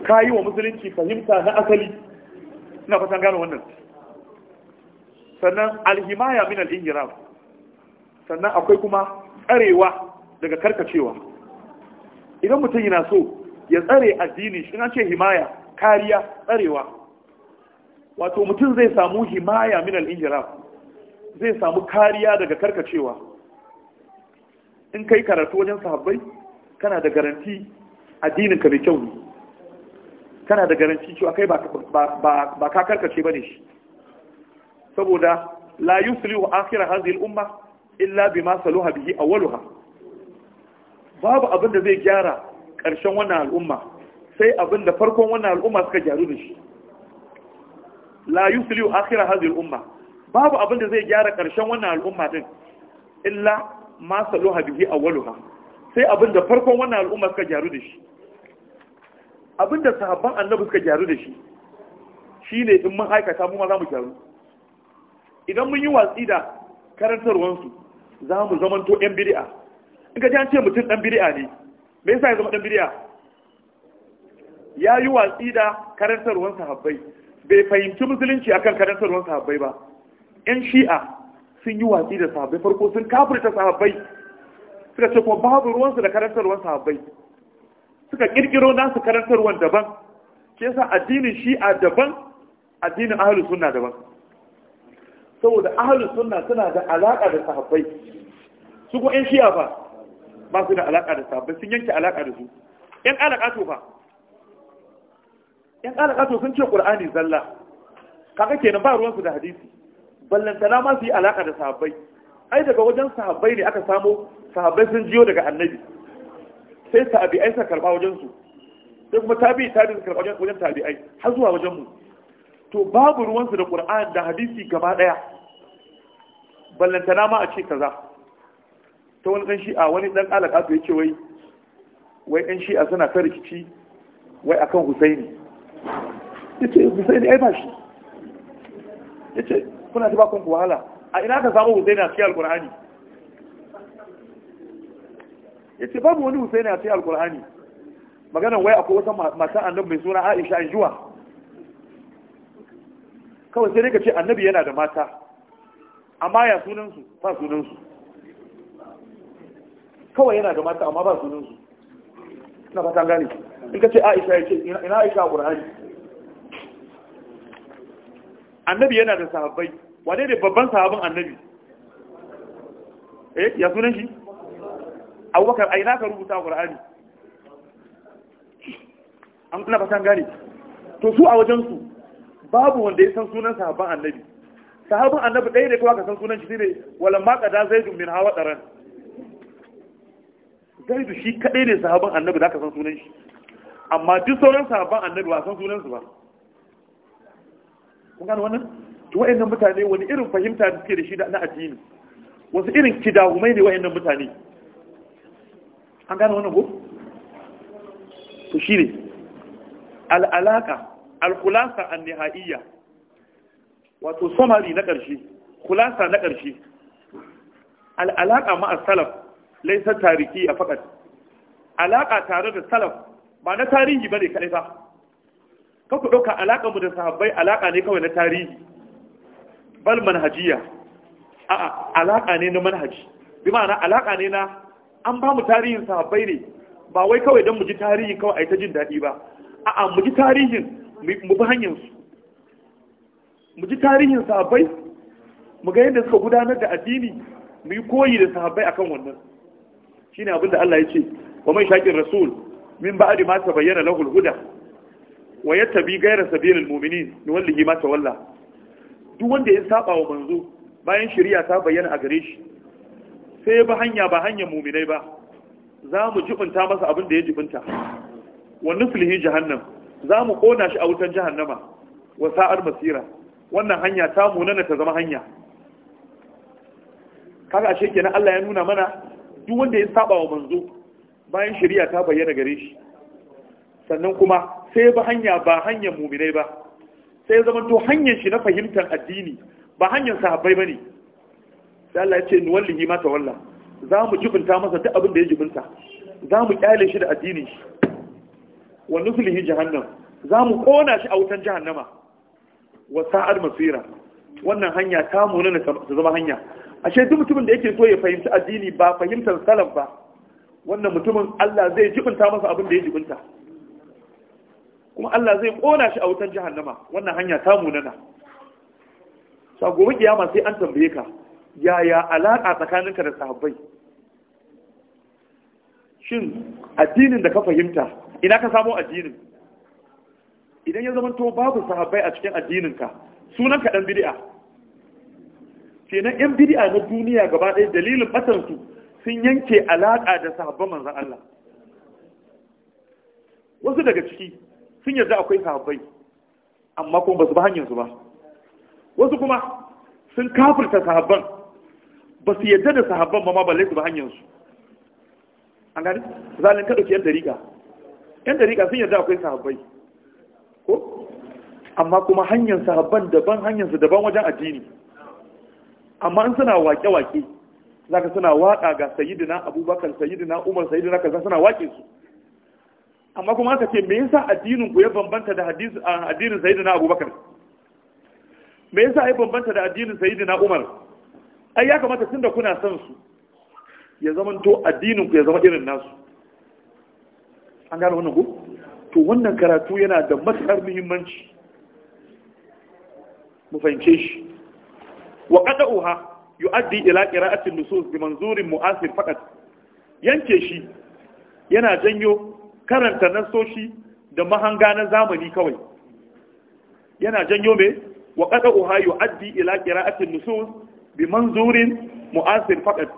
ka yi wa musulunci fahimta na asali ina fatan gane wannan sannan alhimaya min al sannan akwai kuma tsarewa daga karkacewa idan mutum yana so ya tsare addini shi na ce himaya kariya tsarewa wato mutum zai samu himaya min al zai samu kariya daga karkacewa in kai karatu wajen sahabbai kana da garanti addinin ka mai kyau ne kana da garanti cewa kai ba ka karkace bane shi saboda la yuslihu akhir hadhihi al-umma illa bima saluha bihi awwalaha. babu abin da zai gyara ƙarshen wannan al'umma sai abin da farkon wannan al'umma suka gyaru da shi la yusliu akhira hadhihi al'umma babu abin da zai gyara ƙarshen wannan al'umma din illa ma saluha a awwaluha sai abin da farkon wannan al'umma suka gyaru da shi abin da sahabban annabi suka gyaru da shi shine in mun aikata mu ma za mu gyaru idan mun yi watsi da karantarwansu za mu zamanto 'yan bid'a in ka ji an ce mutum dan bid'a ne me yasa ya zama dan bid'a ya yi watsi da karantarwar sahabbai bai fahimci musulunci akan karantarwar sahabbai ba yan shi'a sun yi watsi da sahabbai farko sun kafirta sahabbai suka ce kuma babu ruwansu da karantarwar sahabbai suka kirkiro nasu karantarwar daban ke yasa addinin shi'a daban addinin ahlus sunna daban saboda ahlus sunna suna da alaka da sahabbai su kuma yan shi'a ba ba su da alaka da sahabbai sun yanke alaka da su yan alaka to fa yan alaka to sun ce qur'ani zalla kaga kenan ba ruwansu da hadisi ballantana ma su yi alaka da sahabbai ai daga wajen sahabbai ne aka samo sahabbai sun jiyo daga annabi sai tabi'ai sa karba wajen su sai kuma tabi ta suka karba wajen tabi'ai har zuwa wajen mu to babu ruwansu da qur'ani da hadisi gaba daya ballantana ma a ce kaza ta wani ɗan shi'a wani ɗan alaka to ce wai wai ɗan shi'a suna kan rikici wai akan Husaini ce Husaini ai ba shi ce kuna ta ba ku wahala a ina ka samu Husaini a cikin ya ce babu wani Husaini a cikin Alƙur'ani maganar wai akwai wata mata annabi mai suna Aisha juwa kawai sai dai ka ce annabi yana da mata amma ya sunansu ba sunansu kawai yana da mata amma ba sunan su na fata gane in ka ce Aisha ya ce ina Aisha a Qur'ani annabi yana da sahabbai wane ne babban sahabin annabi eh ya sunan shi Abubakar a na ka rubuta a an kuna fatan gane to su a wajen su babu wanda ya san sunan sahabban annabi sahabban annabi ɗaya ne kawai ka san sunan shi ne walamma ƙada zai min hawa daran zaidu shi kadai ne sahabin annabi za ka san sunan shi amma duk sauran sahabin annabi ba san sunan su ba kun gano wannan to wayannan mutane wani irin fahimta da suke da shi na addini wasu irin kidahumai ne wayannan mutane an gano wannan ko to ne, al'alaka al-khulasa an-nihaiya wato samari na ƙarshe kulasa na ƙarshe al'alaka ma'a salaf laisa tariki a fakat alaƙa tare da salaf ba na tarihi ba ne kaɗai ba ka ku ɗauka alaƙa mu da sahabbai alaƙa ne kawai na tarihi bal manhajiya a'a alaƙa ne na manhaji bi ma'ana alaƙa ne na an ba mu tarihin sahabbai ne ba wai kawai don mu ji tarihi kawai a yi ta jin daɗi ba a'a mu ji tarihin mu bi hanyar su. mu ji tarihin sahabbai mu ga yadda suka gudanar da addini mu yi koyi da sahabbai akan wannan shine abin da Allah ya ce wa shakin shaqir rasul min ba'di ma tabayyana bayyana al-huda wa yattabi ghayra sabilil mu'minin wallahi ma tawalla duk wanda ya saba wa manzo bayan shari'a ta bayyana a gare shi sai ba hanya ba hanyar mu'minai ba za mu jibinta masa abin da ya jibinta wa nuflihi jahannam za mu kona shi a wutan jahannama wa sa'ar masira wannan hanya ta munana ta zama hanya kaga ashe kenan Allah ya nuna mana duk wanda ya saba wa manzo bayan shari'a ta bayyana gare shi sannan kuma sai ba hanya ba hanyar muminai ba sai zama to hanyar shi na fahimtar addini ba hanyar sahabbai bane sai Allah ya ce ni wallahi ma tawalla za mu jibinta masa duk abin da ya jibinta za mu kyale shi da addinin shi wa nuflihi jahannam za mu kona shi a wutan jahannama wa Sa'ad masira wannan hanya ta nuna ta zama hanya ashe duk mutumin da yake so ya fahimci addini ba fahimtar salaf ba wannan mutumin Allah zai jibinta masa abin da ya jibinta kuma Allah zai kona shi a wutan jahannama wannan hanya ta munana sa gobe kiyama sai an tambaye ka yaya alaka ka da sahabbai shin addinin da ka fahimta ina ka samo addinin idan ya zama to babu sahabbai a cikin addininka sunan ka dan bid'a kenan yan bid'a na duniya gaba ɗaya dalilin batansu sun yanke alaƙa da sahabban manzon Allah wasu daga ciki sun yarda akwai sahabbai amma kuma ba su ba hanyarsu ba wasu kuma sun kafirta sahabban ba su yarda da sahabban ba ma balle su ba su an gani zalin ka ɗauki 'yan dariƙa 'yan dariƙa sun yarda akwai sahabbai ko amma kuma hanyar sahabban daban su daban wajen addini amma in suna wake-wake za ka suna waka ga sayidina abubakar sayidina umar sayidina kaza suna wake su amma kuma aka ce me yasa addinin ku ya bambanta da addinin sayidina abubakar me yasa ya bambanta da addinin sayidina umar ai ya kamata tunda kuna son su ya zama to addinin ku ya zama irin nasu an gane wannan ku to wannan karatu yana da matsar muhimmanci mu fahimce shi wa qada'uha yu'addi ila qira'ati an-nusus bi manzurin mu'asir faqat yanke shi yana janyo karanta nasoshi da mahanga na zamani kawai yana janyo mai wa qada'uha yu'addi ila qira'ati an-nusus bi manzurin mu'asir faqat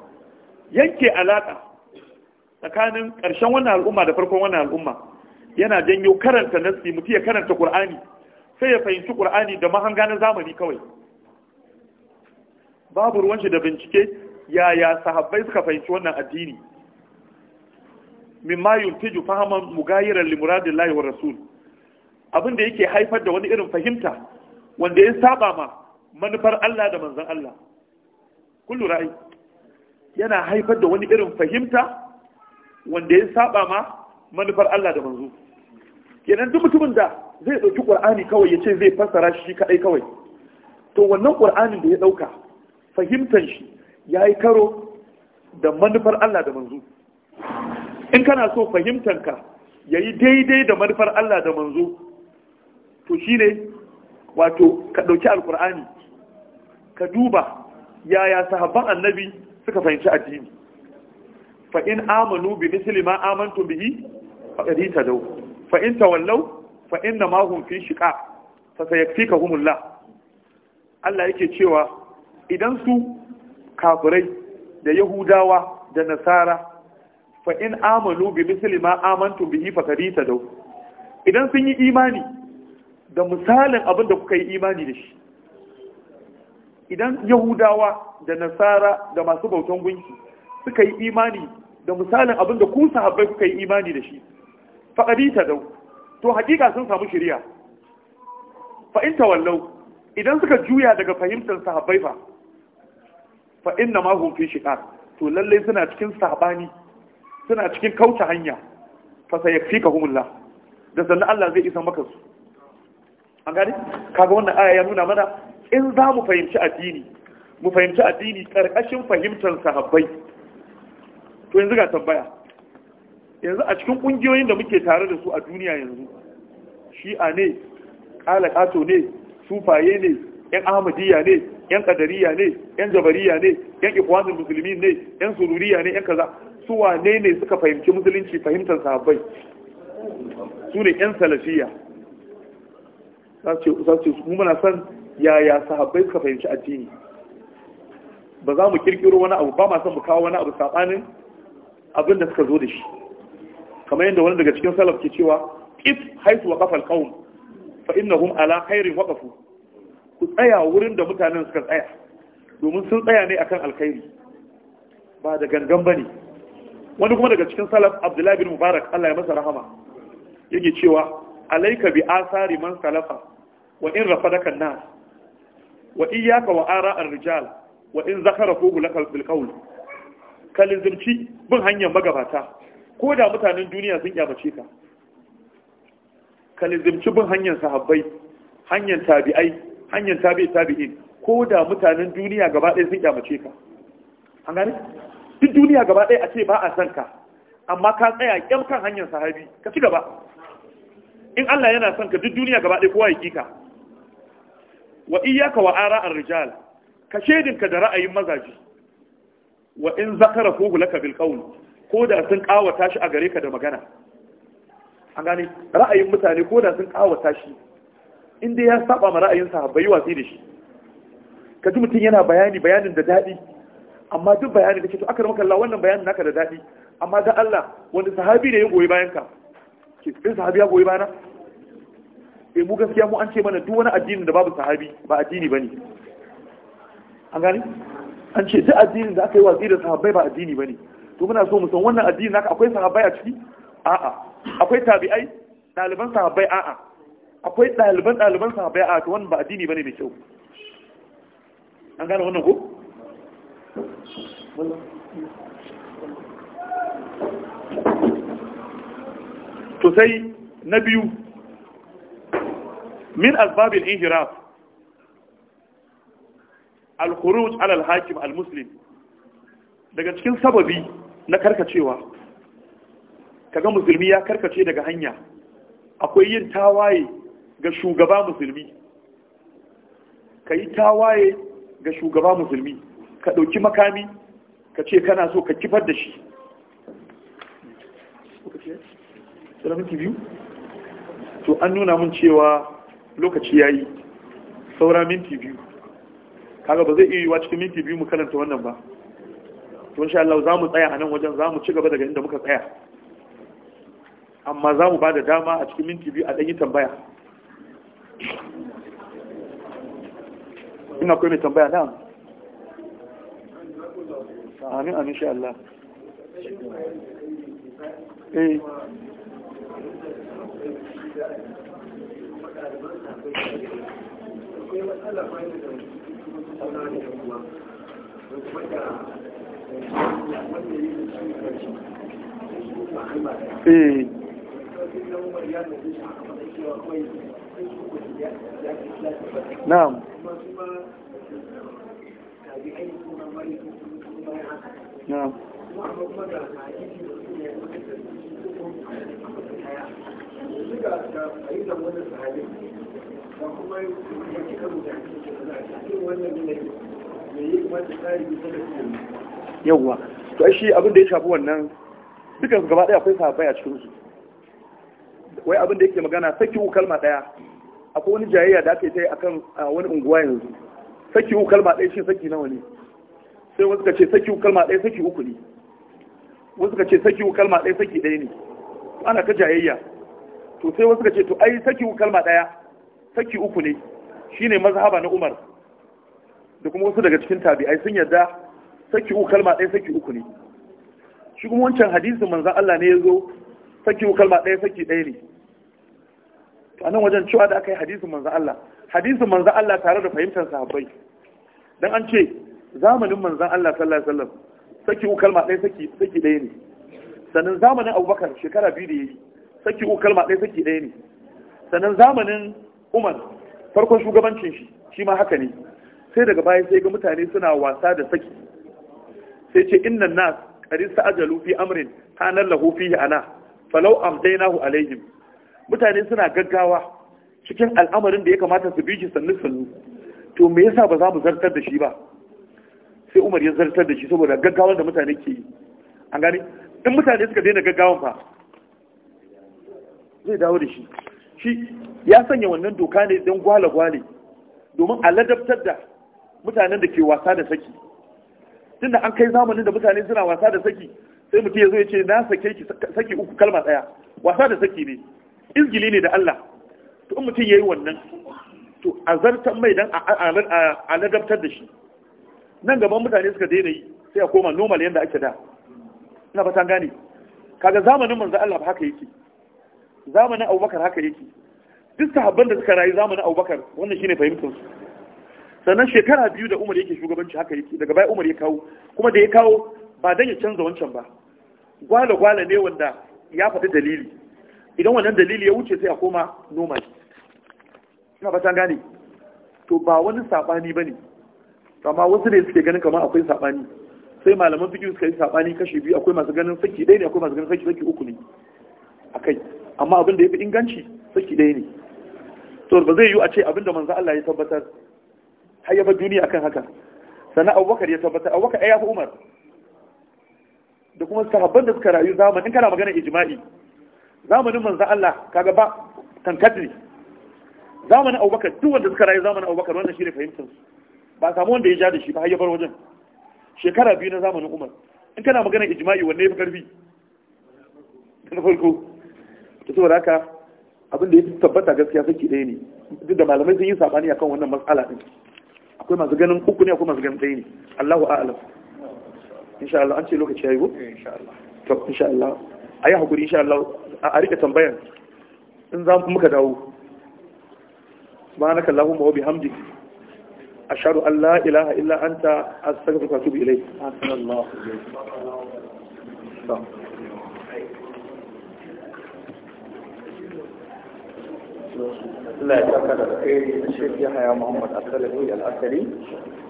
yanke alaka tsakanin ƙarshen wannan al'umma da farkon wannan al'umma yana janyo karanta nassi mutum ya karanta qur'ani sai ya fahimci qur'ani da mahanga na zamani kawai babu ruwan shi da bincike yaya sahabbai suka fahimci wannan addini mimma yuntiju fahaman mugayiran li muradillahi wa rasul abin da yake haifar da wani irin fahimta wanda ya saba ma manufar Allah da manzon Allah kullu ra'ayi yana haifar da wani irin fahimta wanda ya saba ma manufar Allah da manzo kenan duk mutumin da zai dauki Qur'ani kawai yace zai fassara shi kadai kawai to wannan Qur'anin da ya dauka fahimtar shi ya yi karo da manufar Allah da manzo in kana so fahimtanka ya yi daidai da manufar Allah da manzo to shi ne wato ka ɗauki alkur'ani ka duba yaya sahabban annabi suka fahimci addini fa in amanu bi misli ma amantu bihi ta dau. fa in tawallaw fa inna ma hum fi shiqaq fa sayakfikahumullah Allah yake cewa idan su kafirai da yahudawa da nasara fa in amalu bi misli ma amantu bihi fa kadita daw idan sun yi imani da misalin abin da kuka yi imani da shi idan yahudawa da nasara da masu bautan gunki suka yi imani da misalin abin da ku sahabbai kuka yi imani da shi fa kadita daw to hakika sun samu shari'a fa in tawallau idan suka juya daga fahimtar sahabbai fa fa inna ma hum fi shiqaq to lalle suna cikin sabani suna cikin kauce hanya fa sayakfikahumullah da sannan Allah zai isa maka su an gane kaga wannan aya ya nuna mana in za mu fahimci addini mu fahimci addini karkashin fahimtar sahabbai to yanzu ga tambaya yanzu a cikin kungiyoyin da muke tare da su a duniya yanzu shi'a ne kalakato ne sufaye ne yan ahmadiyya ne yan kadariya ne yan jabariya ne yan ikwanul musulmi ne yan sururiya ne yan kaza su wane ne suka fahimci musulunci fahimtar sahabbai su ne yan salafiya za ce mu muna san yaya sahabbai suka fahimci addini ba za mu kirkiro wani abu ba ma san mu kawo wani abu sabanin abin da suka zo da shi kamar yadda wani daga cikin salaf ke cewa if haitu wa kafal qaum fa innahum ala khairin waqafu ku tsaya wurin da mutanen suka tsaya domin sun tsaya ne akan alkhairi ba da gangan bane wani kuma daga cikin salaf abdullahi bin mubarak Allah ya masa rahama yake cewa alayka bi asari man salafa wa in rafadaka an-nas wa iyyaka wa ara ar-rijal wa in fuhu lakal bil qawl kalizimci bin hanyar magabata ko da mutanen duniya sun kyamace ka kalizimci bin hanyar sahabbai hanyar tabi'ai hanyar tabi tabi'in ko da mutanen duniya gaba ɗaya sun kyamace ka an gane duk duniya gaba ɗaya a ce ba a san ka amma ka tsaya kyau kan hanyar sahabi ka ci gaba in Allah yana son ka duk duniya gaba ɗaya kowa ya kika wa iyyaka wa ara ar-rijal ka ka da ra'ayin mazaji wa in zakara ko laka bil qawl ko da sun kawata shi a gare ka da magana an gane ra'ayin mutane ko da sun kawata shi Inda ya saba ma ra'ayin sahabbai yi watsi da shi ka ji mutum yana bayani bayanin da daɗi amma duk bayanin da ke to aka rama kalla wannan bayanin naka da daɗi amma da Allah wanda sahabi ne ya goyi bayan ka ke sai sahabi ya goyi bayana eh mu gaskiya mu an ce mana duk wani addinin da babu sahabi ba addini bane an gani an ce duk addinin da aka yi watsi da sahabbai ba addini bane to muna so mu san wannan addini naka akwai sahabbai a ciki a'a akwai tabi'ai ɗaliban sahabbai a'a akwai ɗaliban ɗaliban sahabbai a ta wannan ba addini bane mai kyau an gane wannan ko to sai na biyu min asbabin inhiraf al-khuruj ala al-hakim al-muslim daga cikin sababi na karkacewa kaga musulmi ya karkace daga hanya akwai yin tawaye ga shugaba musulmi ka yi tawaye ga shugaba musulmi ka ɗauki makami ka ce kana so ka kifar da shi to an nuna mun cewa lokaci ya yi saura minti biyu kaga ba zai iya yiwa cikin minti biyu mu karanta wannan ba to insha Allah za mu tsaya a nan wajen za mu ci gaba daga inda muka tsaya amma za mu ba da dama a cikin minti biyu a ɗanyi tambaya ina kuma mai tambaya na amin amin sha Allah
eh eh نعم نعم
yawwa
to shi abin da ya shafi wannan dukansu gaba daya akwai sahabbai a cikinsu wai abin da yake magana sakin kalma daya akwai wani jayayya da aka yi ta yi akan wani unguwa yanzu saki uku kalma ɗaya shi saki nawa ne sai wasu ka ce saki uku kalma ɗaya saki uku ne wasu ka ce saki uku kalma ɗaya saki ɗaya ne ana ta jayayya to sai wasu ka ce to ai saki uku kalma ɗaya saki uku ne shine mazhaba na Umar da kuma wasu daga cikin tabi'ai sun yarda saki uku kalma ɗaya saki uku ne shi kuma wancan hadisin manzon Allah ne ya zo saki uku kalma ɗaya saki ɗaya ne to anan wajen cewa da aka yi hadisin manzo Allah hadisin manzo Allah tare da fahimtar sahabbai dan an ce zamanin manzo Allah sallallahu alaihi wasallam saki u kalma ɗaya saki saki ɗaya ne sannan zamanin Abubakar shekara biyu da yayi saki u kalma ɗaya saki ɗaya ne sannan zamanin Umar farkon shugabancin shi shi ma haka ne sai daga baya sai ga mutane suna wasa da saki sai ce innan nas qad sa'ajalu fi amrin hanan lahu fihi ana falau amdaynahu alaihim mutane suna gaggawa cikin al'amarin da ya kamata su bi shi sannu sannu to me yasa ba za mu zartar da shi ba sai umar ya zartar da shi saboda gaggawar da mutane ke yi an gani in mutane suka daina gaggawan fa zai dawo da shi shi ya sanya wannan doka ne don gwale-gwale domin a ladabtar da mutanen da ke wasa da saki Tunda an kai zamanin da mutane suna wasa da saki sai mutum ya zo ya ce na sake ki saki uku kalma ɗaya wasa da saki ne izgili ne da Allah to in mutum yayi wannan to a zartan mai dan a ladabtar da shi nan gaba mutane suka daina yi sai a koma normal yadda ake da ina fatan gane kaga zamanin manzo Allah ba haka yake zamanin Abubakar haka yake duk sahabban da suka rayu zamanin Abubakar wannan shine fahimtar su sannan shekara biyu da Umar yake shugabanci haka yake daga baya Umar ya kawo kuma da ya kawo ba dan ya canza wancan ba gwala gwala ne wanda ya faɗi dalili idan wannan dalili ya wuce sai a koma normal ina fatan gane to ba wani sabani bane amma wasu ne suke ganin kamar akwai sabani sai malaman fiqh suka yi sabani kashi biyu akwai masu ganin saki ɗaya ne akwai masu ganin saki saki uku ne akai amma abin da yafi inganci saki ɗaya ne to ba zai yiwu a ce abin da manzo Allah ya tabbatar har ya duniya akan haka sannan Abubakar ya tabbatar Abubakar ya fi Umar da kuma sahabban da suka rayu zamanin kana magana ijma'i zamanin manzo Allah kaga ba tankadri zamanin Abubakar duk wanda suka rayu zamanin Abubakar wannan shi ne fahimtar su ba samu wanda ya ja da shi ba har ya bar wajen shekara biyu na zamanin Umar in kana magana ijma'i wanne ya fi karfi na farko ta saboda haka abin da ya tabbata gaskiya saki ɗaya ne duk da malamai sun yi sabani akan wannan matsala ɗin akwai masu ganin uku ne akwai masu ganin ɗaya ne Allahu a'lam insha Allah an ce lokaci yi ko eh, insha Allah to insha Allah yi hakuri insha Allah a rike tambayan in za mu muka dawo subhanaka allahumma wa bihamdik ashhadu an la ilaha illa anta astaghfiruka wa atubu ilayk sallallahu
Allah ya saka da kai Sheikh Yahaya Muhammad Asalafi Al-Asari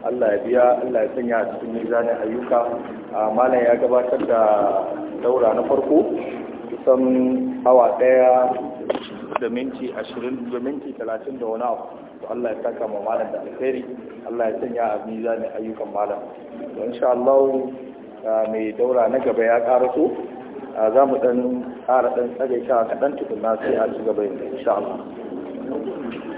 Allah ya biya Allah ya sanya cikin mizanin ayyuka ah, malam ya gabatar da daura na farko kusan awa daya da minti ashirin da minti talatin da wani abu to Allah ya saka ma malam da alheri Allah ya sanya a zane ayyukan malam to insha Allah mai daura na gaba ya karaso za mu dan ƙara ɗan tsagaita kaɗan tukuna sai a ci gaba yanzu insha
Allah